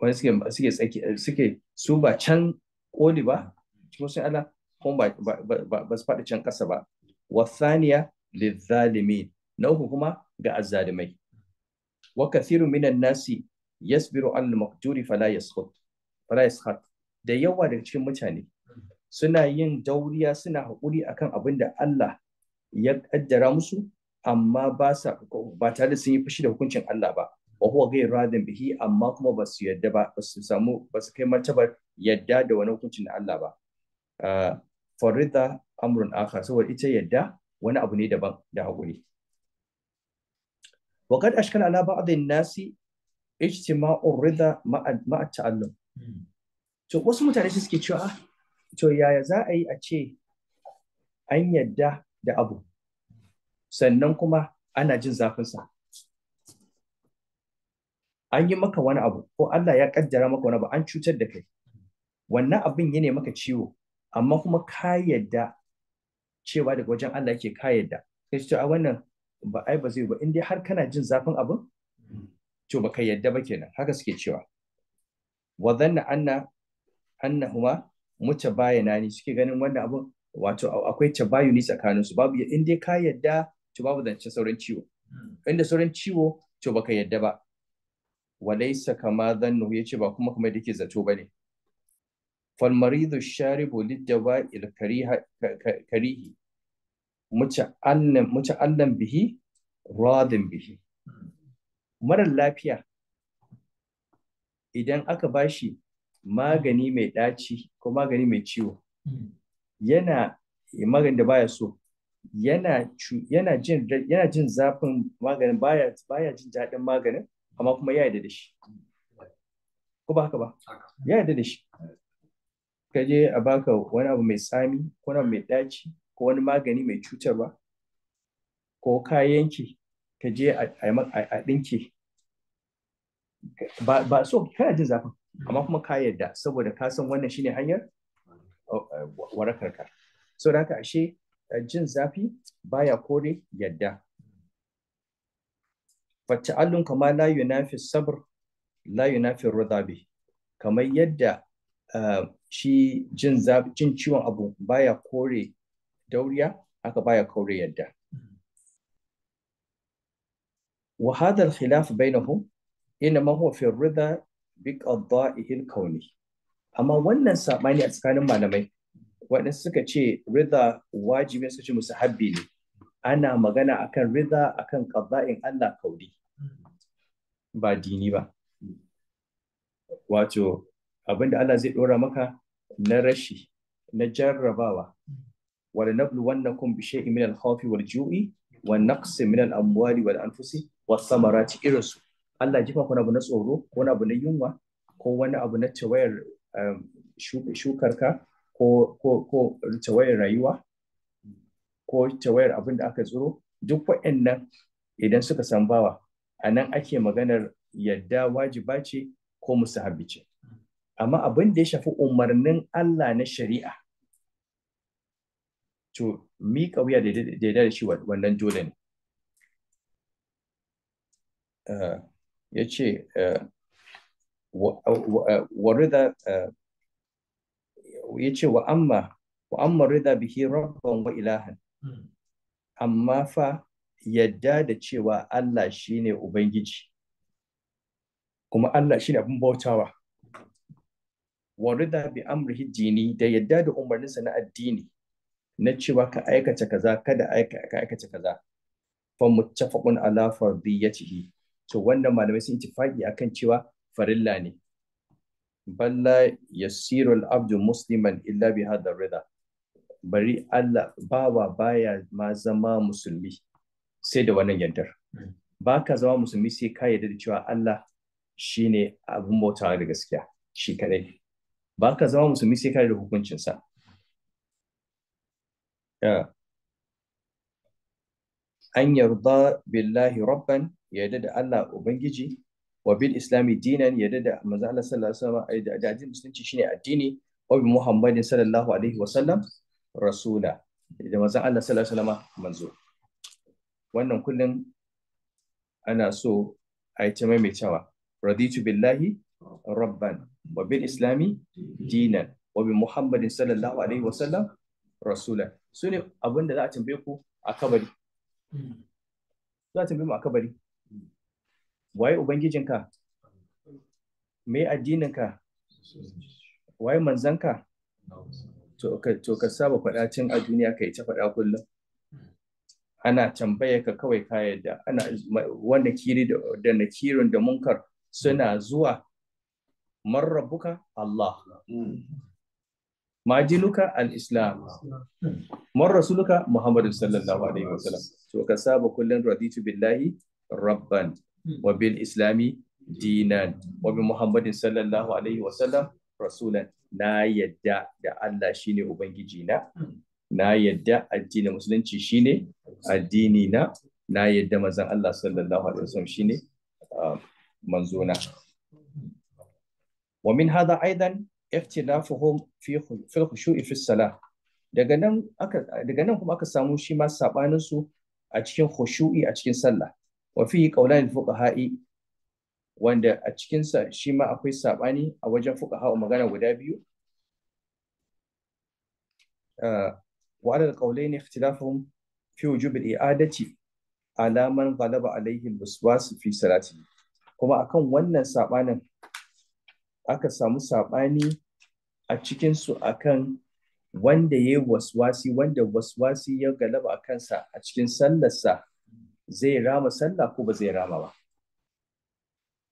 [SPEAKER 1] wanda suke suke tsaki suke su ba can koli ba cikin sun Allah kuma ba ba su faɗi can ƙasa ba wasaniya lil zalimin na uku kuma ga azzalimai wa kathiru minan nasi yasbiru biro makjuri fala yaskhut fala yaskhut da yawa daga cikin mutane suna yin dauriya suna hakuri akan abin da Allah ya kaddara musu amma ba sa ba tare da sun yi fushi da hukuncin Allah ba wa huwa ghayr radin bihi amma kuma ba su yadda ba ba su samu ba su kai martabar yadda da wani hukuncin Allah ba ah, farida amrun akhar saboda ita yadda wani abu ne daban da hakuri وقد أشكل على بعض الناس ijtima'ur rida ma'a ta'allum to wasu mutane su suke cewa to yaya za a yi a ce an yadda da abu sannan kuma ana jin zafinsa an yi maka wani abu ko Allah ya kaddara maka wani abu an cutar da kai wannan abin ya maka ciwo amma kuma ka yadda cewa daga wajen Allah yake ka yadda kai ce a wannan ba ai ba zai ba in dai har kana jin zafin abin to baka yadda ba kenan haka suke cewa wa dhanna anna annahuma mutabayana ne suke ganin wannan abun wato akwai tabayuni tsakanin su babu in dai ka yadda to babu zance sauran ciwo inda sauran ciwo to baka yadda ba walaysa kama dhannu yace ba kuma kuma yake zato bane fal maridu sharibu liddawa il kariha karihi muta'allam muta'allam bihi radin bihi marar lafiya idan aka bashi magani mai ɗaci ko magani mai ciwo yana magani da baya so yana yana jin yana jin zafin maganin baya baya jin daɗin maganin amma kuma ya yarda da shi ko ba haka ba ya yarda da shi ka je a baka wani abu mai tsami ko wani abu mai ɗaci ko wani magani mai cutarwa ko ka yanke ka je a ɗinke ba so kana jin zafin amma kuma ka yadda, saboda ka san wannan shine hanyar warakar ka so da haka ashe jin zafi baya kore yadda. yarda allun kama la yunafi sabr la yunafi radabi kamar yadda shi jin ciwon abu baya kore dauriya haka baya kore yadda. وهذا الخلاف بينهم ina هو في الرضا بقضائه الكوني amma wannan saɓani a tsakanin malamai waɗansu suka ce rida wajibi suka ce musu ne ana magana akan rida akan ƙadda'in Allah kauri ba dini ba wato abinda Allah zai ɗora maka na rashi na jarrabawa wala nablu wannakum bi shay'in min al-khawfi wal-ju'i wa naqsin min al-amwali wal-anfusi wasamarati irin su Allah jifa ku abu na tsoro ko wani abu na yunwa ko wani abu na tawayar um, shukarka ko ko tawayar rayuwa ko tawayar abin da aka tsoro duk waɗannan idan suka san bawa a nan ake maganar yadda wajiba ce ko musahabi ce amma abin da ya shafi umarnin Allah na shari'a to miƙa wuya da da shi wannan dole ne Uh, ya ce uh, wa uh, ya ce wa amma wa amma rida bihi rabban wa ilahan hmm. amma fa yadda da cewa Allah shine ubangiji kuma Allah shine abin bautawa wa rida bi amrihi dini da yadda da umarninsa na addini na cewa ka aikata kaza kada ka aikata kaza fa muttafaqun ala fardiyatihi To wannan malamai sun ittifaqi akan cewa farilla ne balla yasirul abdu musliman illa bi hadha rida bari Allah bawa baya ma zama musulmi sai da wannan yardar ba ka zama musulmi sai ka yarda da cewa Allah shine abin bauta da gaskiya shi kadai ba ka zama musulmi sai ka yarda hukuncinsa an yarda billahi rabban Yadda yarda da Allah ubangiji wa bil islami dinan yadda yarda da manzo Allah sallallahu alaihi wasallam da addinin musulunci shine addini wa bi muhammadin sallallahu alaihi wasallam rasula da manzo Allah sallallahu alaihi wasallam manzo wannan kullum ana so a yi ta maimaitawa raditu billahi rabban wa bil islami dinan wa bi muhammadin sallallahu alaihi wasallam rasula su ne abin da za a tambaye ku a kabari za a tambaye mu a kabari waye ubangijinka me addininka waye manzanka to ka saba faɗa cin a duniya ka yi ta faɗa kullum ana tambaye ka kawai ka yadda ana wanda kiri da nakirin da munkar suna zuwa marrabuka Allah majinuka al-islam Marrasuluka, rasuluka muhammadu sallallahu alaihi wasallam to ka saba kullum raditu billahi rabban Hmm. wa islami dinan wa bi muhammadin sallallahu alaihi rasulan na yadda da Allah shine ubangiji na hmm. na yadda addini musulunci shine addini na na yadda manzon Allah sallallahu alaihi wasallam shine uh, wa min hadha aidan iftilafuhum fi fi khushu'i fi salah daga nan aka daga nan kuma aka samu shi ma sabanin su a cikin khushu'i a cikin sallah wa fihi qawlan fuqaha'i wanda a cikin sa shi ma akwai sabani a wajen fuqaha magana guda biyu ah, wa ala qawlayn ikhtilafuhum fi wujub al-i'adati ala man ghalaba alayhi al-waswas fi salati kuma akan wannan sabanin aka samu sabani a cikin su akan wanda ya waswasi wanda waswasi ya galaba a kansa a cikin sallarsa zai rama sallah ko ba zai rama ba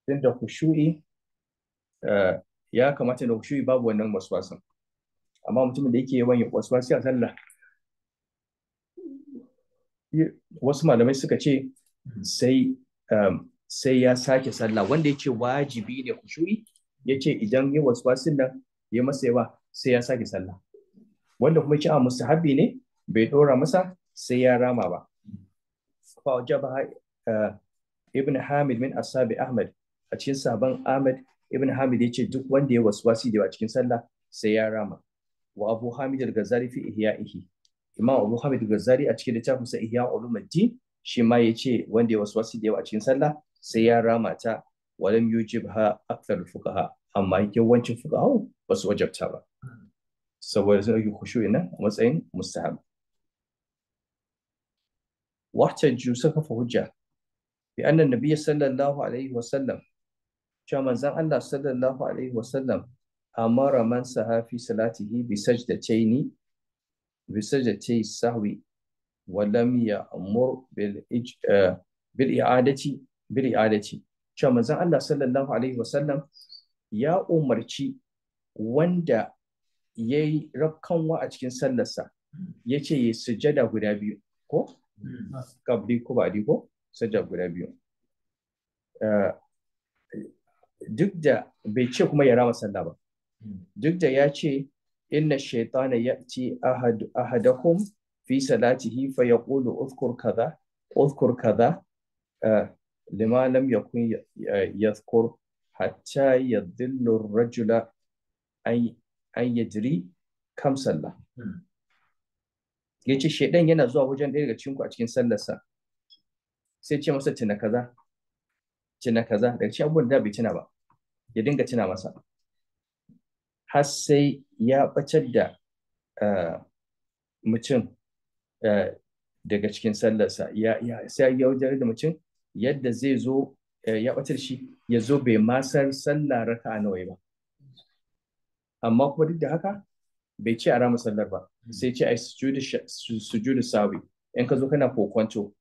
[SPEAKER 1] tunda khushu'i eh, ya kamata da khushu'i babu wannan waswasan amma mutumin da yake yawan yin waswasi a sallah wasu malamai suka ce sai um, sai ya sake sallah wanda ya ce wajibi ne khushu'i ya ce idan yi waswasin nan ya masa yawa sai ya sake sallah wanda kuma ya ce a mustahabi ne bai dora masa sai ya rama ba فأجابها eh, ibn Hamid min asabi Ahmad a cikin sabon Ahmad ibn Hamid yace duk wanda ya waswasi da cikin sallah sai ya rama wa Abu Hamid al-Ghazali fi ihya'ihi Imam Abu Hamid al-Ghazali a cikin littafin sa Ihya ulumuddin shi ma yace wanda ya waswasi da a cikin sallah sai ya rama ta walam yujibha akthar fuqaha amma yawancin fuqaha ba su wajabta ba saboda sai ku khushu'i nan a matsayin mustahab wacce jusa kafa hujja bi anna nabiyya sallallahu wa sallam cewa Allah sallallahu alaihi wa sallam amara man sahafi salatihi bi sajdataini bi sajdati sahwi wa lam ya'mur bil eh, bil i'adati bil i'adati cewa manzon Allah sallallahu alaihi wa sallam ya umarci wanda yayi rakkan wa a cikin sallarsa yace ya sujada guda biyu ko kabdii kubaa dikoo sajjaaf guda biyu. Duk da bai ce kuma ya rama ba. Duk da ya inna shaitana ya ci ahadakum fi salatihi fa ya ƙulu uzkur kaza uzkur kaza uh, lima lam yakun yazkur hatta yadhillu rajula an yajri kam sallah. Hmm. ya ce shaidan yana zuwa wajen ɗaya daga cikin ku a cikin sallarsa sai ce masa tuna kaza tuna kaza daga cikin abubuwan da bai tuna ba ya dinga tuna masa har sai ya bacar da eh, mutum eh, daga cikin sallarsa sai ya wajen da mutum yadda zai zo eh, ya batar shi ya zo bai masar sallah raka'a nawa ba amma kuma duk da haka bai ce a rama sallar ba hmm. sai ce a sujudu sawi in ka zo kana kokwanto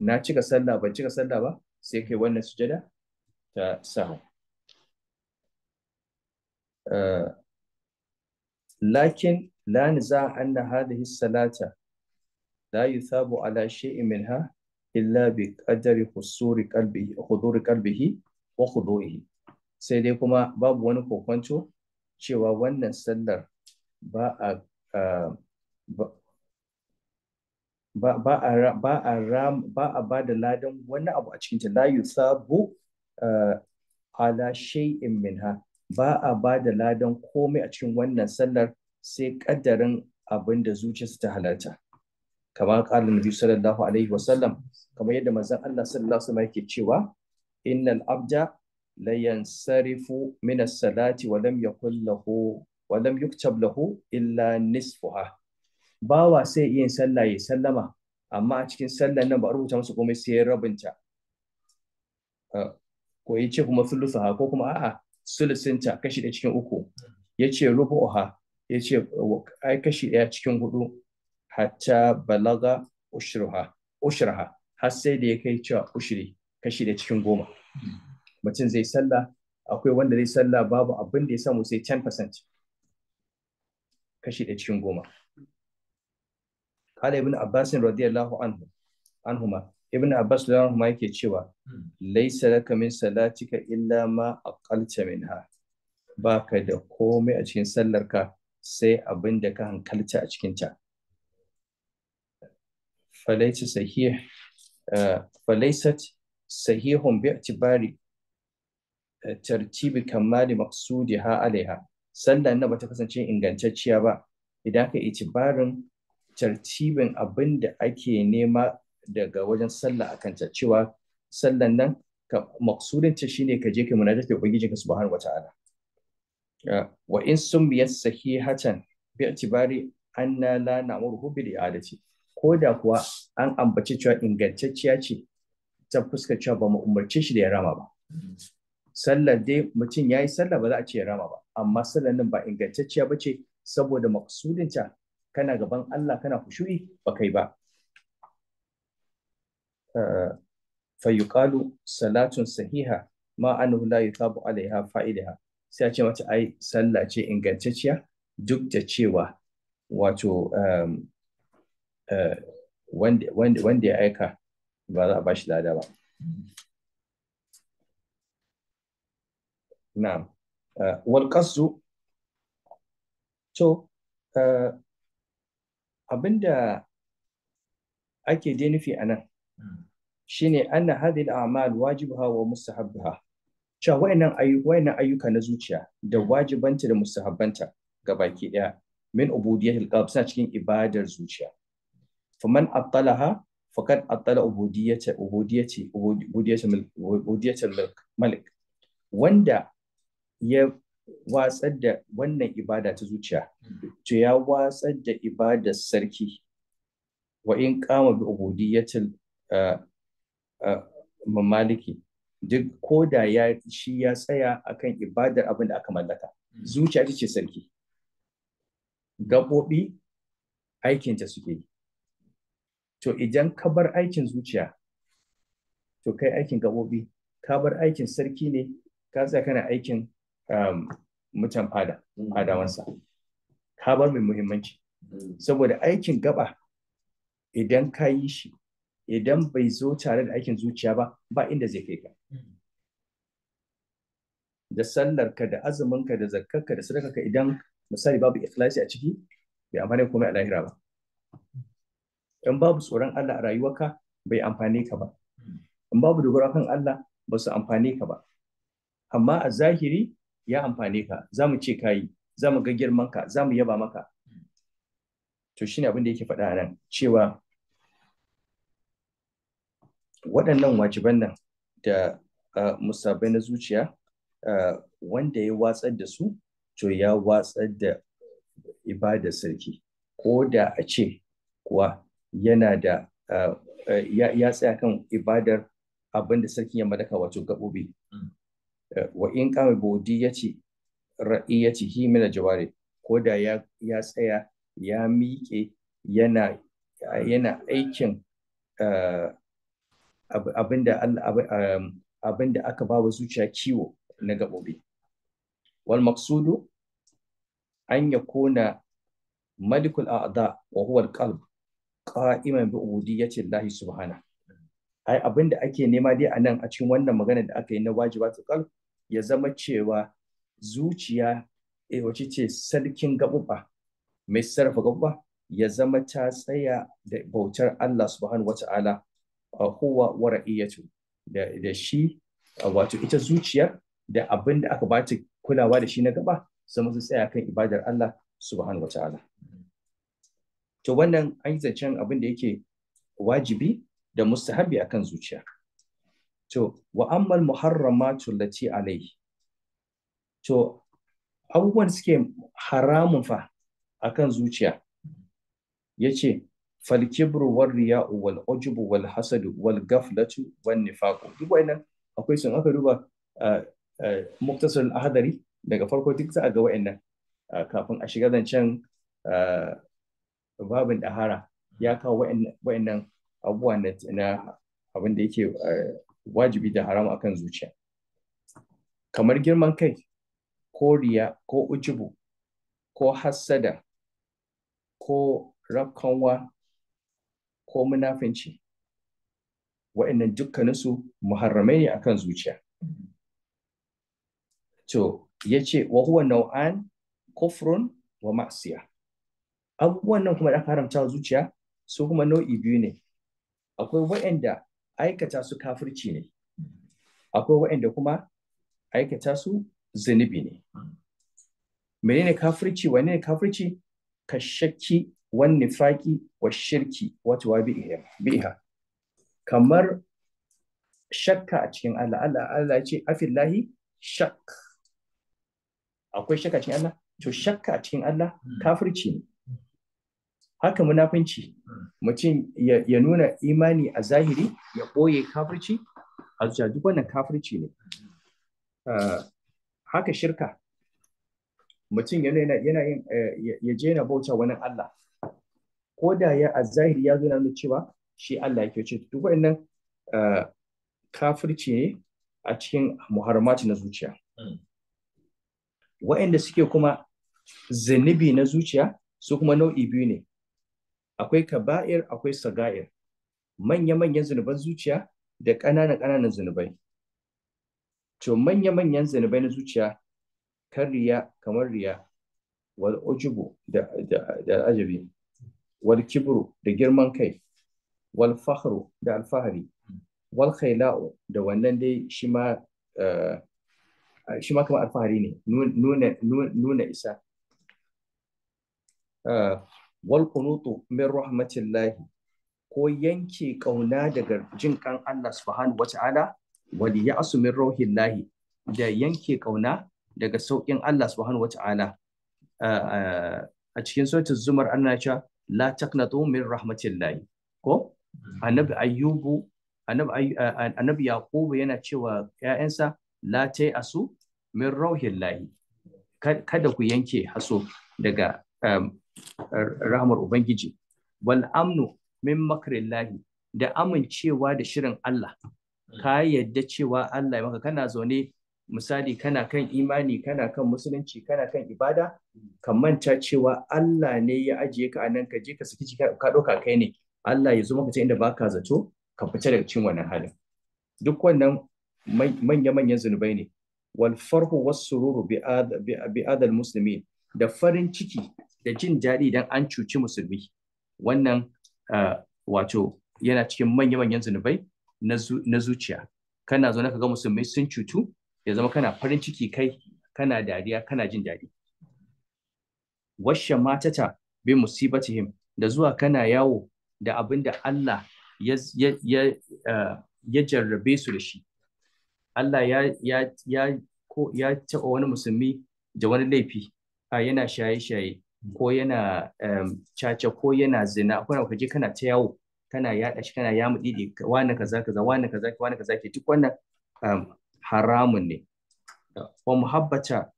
[SPEAKER 1] na cika sallah ban cika sallah ba sai kai wannan sujada ta sahu eh, lakin la niza anna hadhihi salata la yuthabu ala shay'in minha illa bi qadri husuri qalbihi huduri qalbihi wa khudu'ihi sai dai kuma babu wani kokwanto cewa wannan sallar ba a ba a ba a ram ba a ba da ladan wani abu a cikin ta la yusabu ala shay'in minha ba a ba da ladan komai a cikin wannan sallar sai kaddarin abin da zuciyarsa ta halarta kamar qala nabi sallallahu alaihi wasallam kamar yadda manzon Allah sallallahu alaihi wasallam yake cewa innal abda la yansarifu min as-salati wa lam yakul lahu ولم يكتب له illa نصفها bawa sai yin sallah ya sallama amma a cikin sallan nan ba a rubuta masa komai sai rabinta ko ya ce kuma sulusaha ko kuma a'a ta kashi ɗaya cikin uku ya ce rubu'uha ya ai kashi ɗaya cikin hudu hatta balaga ushruha ushraha har sai da ya kai cewa ushri kashi ɗaya cikin goma mutum zai sallah akwai wanda zai sallah babu abin da ya samu sai 10% kashi ɗaya cikin goma kala ibn abbas radiyallahu anhu ma ibn abbas radiyallahu ma yake cewa laisa laka min salatika illa ma aqalta minha baka da komai a cikin sallar ka sai abin da ka hankalta a cikin ta falaysa sahih eh, falaysat sahihun bi'tibari eh, tartibi kamali ha alaiha sallan na bata kasance ingantacciya ba idan ka itibarin tartibin abin da ake nema daga wajen sallah akan ta cewa sallan nan maksudin ta shine ka je ka munajat da ubangiji ka subhanahu wataala wa in summiyat sahihatan bi itibari anna la na'muru bil i'adati ko da kuwa an ambace cewa ingantacciya ce ta fuskar cewa ba mu umarce shi da ya rama ba sallar dai mutum ya yi sallar ba za a ce rama ba amma sallar nan ba ingantacciya ba ce saboda maksudinta kana gaban Allah kana kushu'i ba kai ba eh, fayuqalu salatun sahiha ma annahu la yuthabu alaiha fa'idaha sai a ce mata ai sallah ce ingantacciya duk da cewa wato ehm, eh, wanda ya aika ba za a ba shi lada ba نعم آه والقصد to uh, eh, abinda ake dai nufi a nan shine anna hadhihi al-a'mal wajibuha wa mustahabbaha cewa wayannan ayyuka ayyuka na zuciya da wajibanta da mustahabbanta baki daya min ubudiyatil qalb suna cikin ibadar zuciya faman attalaha faqad attala ubudiyata ubudiyati ubudiyata malik wanda ya watsar da wannan ibada ta zuciya to ya watsar da ibadar sarki wa in kama bi ubudiyatil mamaliki duk ko da ya shi ya tsaya akan ibadar abin da aka mallaka zuciya ce sarki aikin aikinta suke yi to idan ka bar aikin zuciya to kai aikin gabobi? ka bar aikin sarki ne ka tsaya kana aikin Um, mutan fada mm. fadawansa ka bar mai muhimmanci mm. saboda aikin gaba idan ka yi shi idan bai zo tare da aikin zuciya ba ba inda zai kai ka mm. da sallar ka, da azuminka da zakkarka da sadakarka idan misali babu ikhlasi a ciki bai amfani komai a lahira ba in babu tsoron Allah a rayuwarka bai amfane ka ba in babu dogara kan Allah ba su amfane ka ba amma a zahiri ya amfane ka za mu ce ka yi za mu ga girman ka za mu yaba maka to shine abin da yake faɗa nan cewa waɗannan wajiban nan da musabbai na zuciya wanda ya watsar da su to ya watsar da ibada sarki ko da a ce kuwa yana da ya tsaya kan ibadar abin da sarki ya malaka wato gaɓoɓi mm. wa in kama bodiyati ra'iyatihi da jawari ko da ya tsaya ya miƙe yana aikin eh, abin da aka ba wa zuciya kiwo na gaɓoɓi wal maksudu an kona malikul a'da wa huwa al-qalb qa'iman bi ubudiyyati Allah subhana. ai abinda ake nema dai a nan a cikin wannan magana da aka yi na wajibatul qalb ya zama cewa zuciya e eh, wace ce sarkin gaɓuɓa mai sarrafa gaɓuɓa ya zama ta tsaya da bautar Allah subhanahu wata'ala a koWa wa da shi wato ita zuciyar da abin da aka bata kulawa da shi na gaba zama su tsaya kan ibadar Allah subhanahu wata'ala to wannan an yi zancen abin da yake wajibi da mustahabi akan zuciya to wa ammal muharramatu lati alaihi to abubuwan suke haramun fa akan zuciya yace fal kibru war riya'u wal ujbu wal hasadu wal gaflatu wan nifaqu duk wayannan akwai sun aka duba muktasar ahadari daga farko duk za a ga wayannan kafin a shiga zancen babin dahara ya kawo wayannan abubuwa na abin da yake wajibi da haram akan zuciya kamar girman kai ko riya ko ujubu ko hassada ko rakkanwa ko munafinci wa'annan dukkaninsu muharramai ne akan zuciya to yace wa huwa nau'an kufrun wa ma'siya abubuwan nan kuma da aka haramta zuciya su kuma nau'i biyu ne akwai wa'anda aikata su kafirci ne akwai waɗanda kuma aikata su zunubi ne menene kafirci wane ne kafirci ka shakki wani faƙi wa shirki wato wa bi'iha kamar shakka a cikin Allah Allah Allah ce afillahi shak akwai shakka cikin Allah to shakka cikin Allah hmm. kafirci ne haka munafinci mutum ya nuna imani a zahiri ya ɓoye kafirci a zuciya duk wannan kafirci ne ah, haka shirka mutum yana yin eh, ya je na bauta wani Allah ko da ya a zahiri ya zo na cewa shi Allah yake ce duk wannan ah, kafirci ne a cikin muharramati na zuciya hmm. wa'anda suke kuma zanibi na zuciya su kuma nau'i biyu ne akwai kaba'ir akwai saga'ir manya-manyan zunuban zuciya da ƙananan-ƙananan zunubai to manya-manyan zunubai na zuciya kan riya kamar riya wal ujubu da da ajabi wal kibru da girman kai wal fakhru da alfahari wal khaila'u da wannan dai shi ma eh, shi ma kamar alfahari ne nuna isa eh, wal min rahmatillahi ko yanke kauna daga jin kan Allah subhanahu wata'ala wal ya'su min rauhillahi da yanke kauna daga saukin Allah subhanahu wata'ala a cikin suratul zumar ana cewa la taqnatu min rahmatillahi ko annabi ayyubu annabi yaqubu yana cewa 'ya'yansa la asu min rauhillahi kada ku yanke haso daga um, rahmar ubangiji wal amnu min makrillahi da amincewa da shirin Allah ka yadda cewa Allah maka kana zaune misali kana kan imani kana kan musulunci kana kan ibada ka manta cewa Allah ne ya ajiye ka nan ka je ka saki ka ɗauka kai ne Allah ya zo maka ta inda baka zato ka fita daga cin wannan halin duk wannan manya-manyan zunubai ne wal farhu wasu sururu bi adal muslimin da farin ciki da jin daɗi idan an cuci musulmi wannan eh, wato yana cikin manya-manyan zunubai na zuciya kana zo ka ga musulmi sun cutu ya zama kana farin ciki kai kana dariya kana jin daɗi washe matata bi musibatihim da zuwa kana yawo da abin da Allah ya eh, jarrabe su da shi Allah ya taɓa wani musulmi da wani laifi yana shaye-shaye ko yana caca ko yana zina ko abu kaje kana ta yawo kana yaɗa shi kana yamu didi wani kaza kaza wani kaza wani kaza duk wannan haramun ne wa muhabbata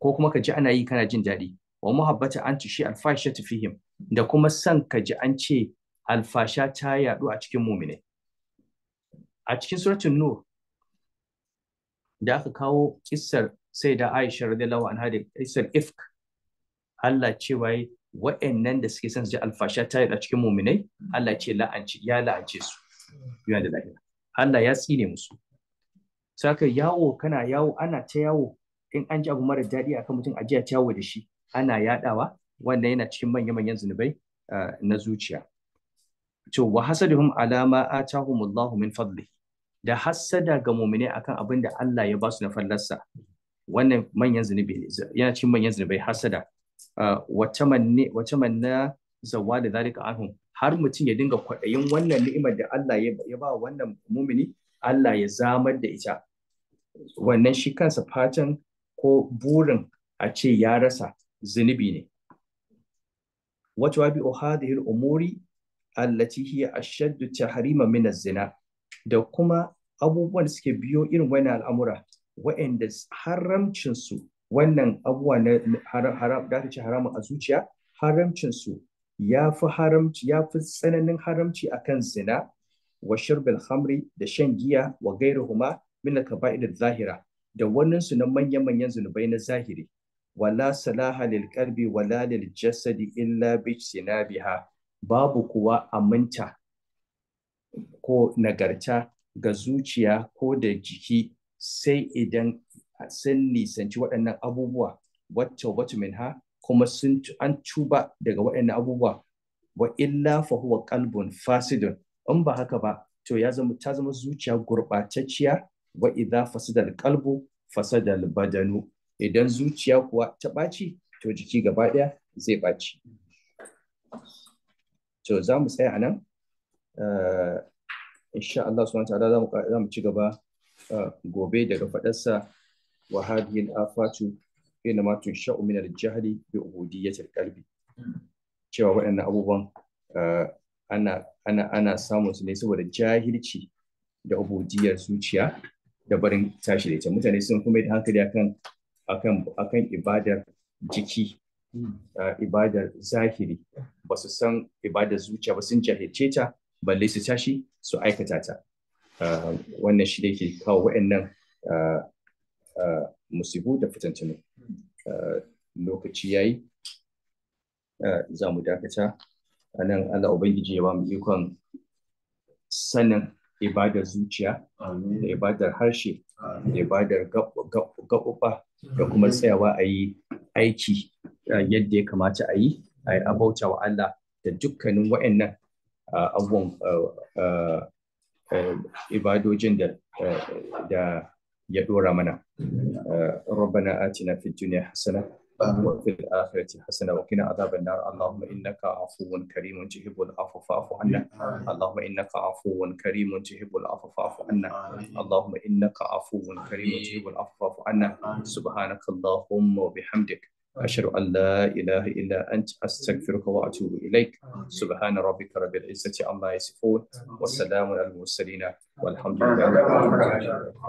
[SPEAKER 1] ko kuma ka ana yi kana jin daɗi wa muhabbata an tushi alfasha fihim da kuma san ka ji an ce alfasha ta yaɗu a cikin mumine a cikin suratun nur da aka kawo kissar sai da Aisha radiyallahu anha da isal ifk Allah wai wa'annan da suke son su ji alfasha ta a cikin muminai Allah ce la'anci ya la'ance su yana da lahira Allah ya tsine musu saka yawo kana yawo ana ta yawo in an ji abu mara daɗi akan mutum ajiya ta yawo da shi ana yadawa wanda yana cikin manya-manyan zunubai na zuciya to wa hasaduhum alama atahumullahu min fadli da hassada ga muminai akan abin da Allah ya ba su na fallarsa wannan manyan zunubi ne yana cikin manyan zunubai hasada ah, wata manne wata manna zawa da zalika anhum har mutum ya dinga kwaɗayin wannan ni'imar da Allah ya ba wannan mumini Allah ya zamar da ita wannan shi kansa fatan ko burin a ce ya rasa zunubi ne wata wabi hadhihi al-umuri allati hiya ashaddu tahrima min az-zina da kuma abubuwan suke biyo irin wannan al'amura wa'anda haramcinsu wannan abubuwa na haram da ce haramun a zuciya haramcinsu ya fi haramci ya fi tsananin haramci akan zina wa shirbil hamri da shan giya wa gairuhuma min kaba'ir zahira da wannan na manya-manyan zunubai na zahiri wala salaha lil qalbi wala lil jasadi illa bi sinabiha babu kuwa aminta ko nagarta ga zuciya ko da jiki sai idan sun nisanci waɗannan abubuwa wacce wacce min ha kuma sun an cuba daga waɗannan abubuwa wa illa fa huwa qalbun fasidun in ba haka ba to ya zama ta zama zuciya gurɓatacciya wa idza fasadal alqalbu fasada badanu idan zuciya kuwa ta ɓaci to jiki gaba ɗaya zai ɓaci to za mu tsaya a nan eh, insha Allah subhanahu wa ta'ala za mu ci gaba gobe daga faɗarsa wa hadhihi al-afatu ma tunsha'u min al-jahli bi ubudiyyati al-qalbi cewa waɗannan abubuwan eh, ana ana ana samun su ne saboda jahilci da ubudiyar zuciya da barin tashi da ita mutane sun kuma yi hankali akan akan akan ibadar jiki eh, ibadar zahiri ba su san ibadar zuciya ba sun jahilce ta balle su tashi su aikata ta Uh, wannan shi ne ke kawo wa'annan uh, uh, musibu da fitantunu lokaci ya yi za mu dakata a nan allah ubangiji ya ba mu ikon sanin ibadar zuciya da ibadar harshe da ibadar da kuma tsayawa a yi aiki yadda ya kamata a yi a yi abauta wa Allah da dukkanin wa'annan abubuwan Eh, ibadojin da eh, da ya dora mana eh, rabbana atina fid dunya hasana wa fil akhirati hasana wa qina adhaban nar allahumma innaka afuwun karimun tuhibbul afwa fa'fu anna allahumma innaka afuwun karimun tuhibbul afwa fa'fu anna allahumma innaka afuwun karimun tuhibbul afwa fa'fu anna subhanakallahumma wa أشهد أن لا إله إلا أنت أستغفرك وأتوب إليك سبحان ربك رب العزة عما يصفون والسلام على المرسلين والحمد لله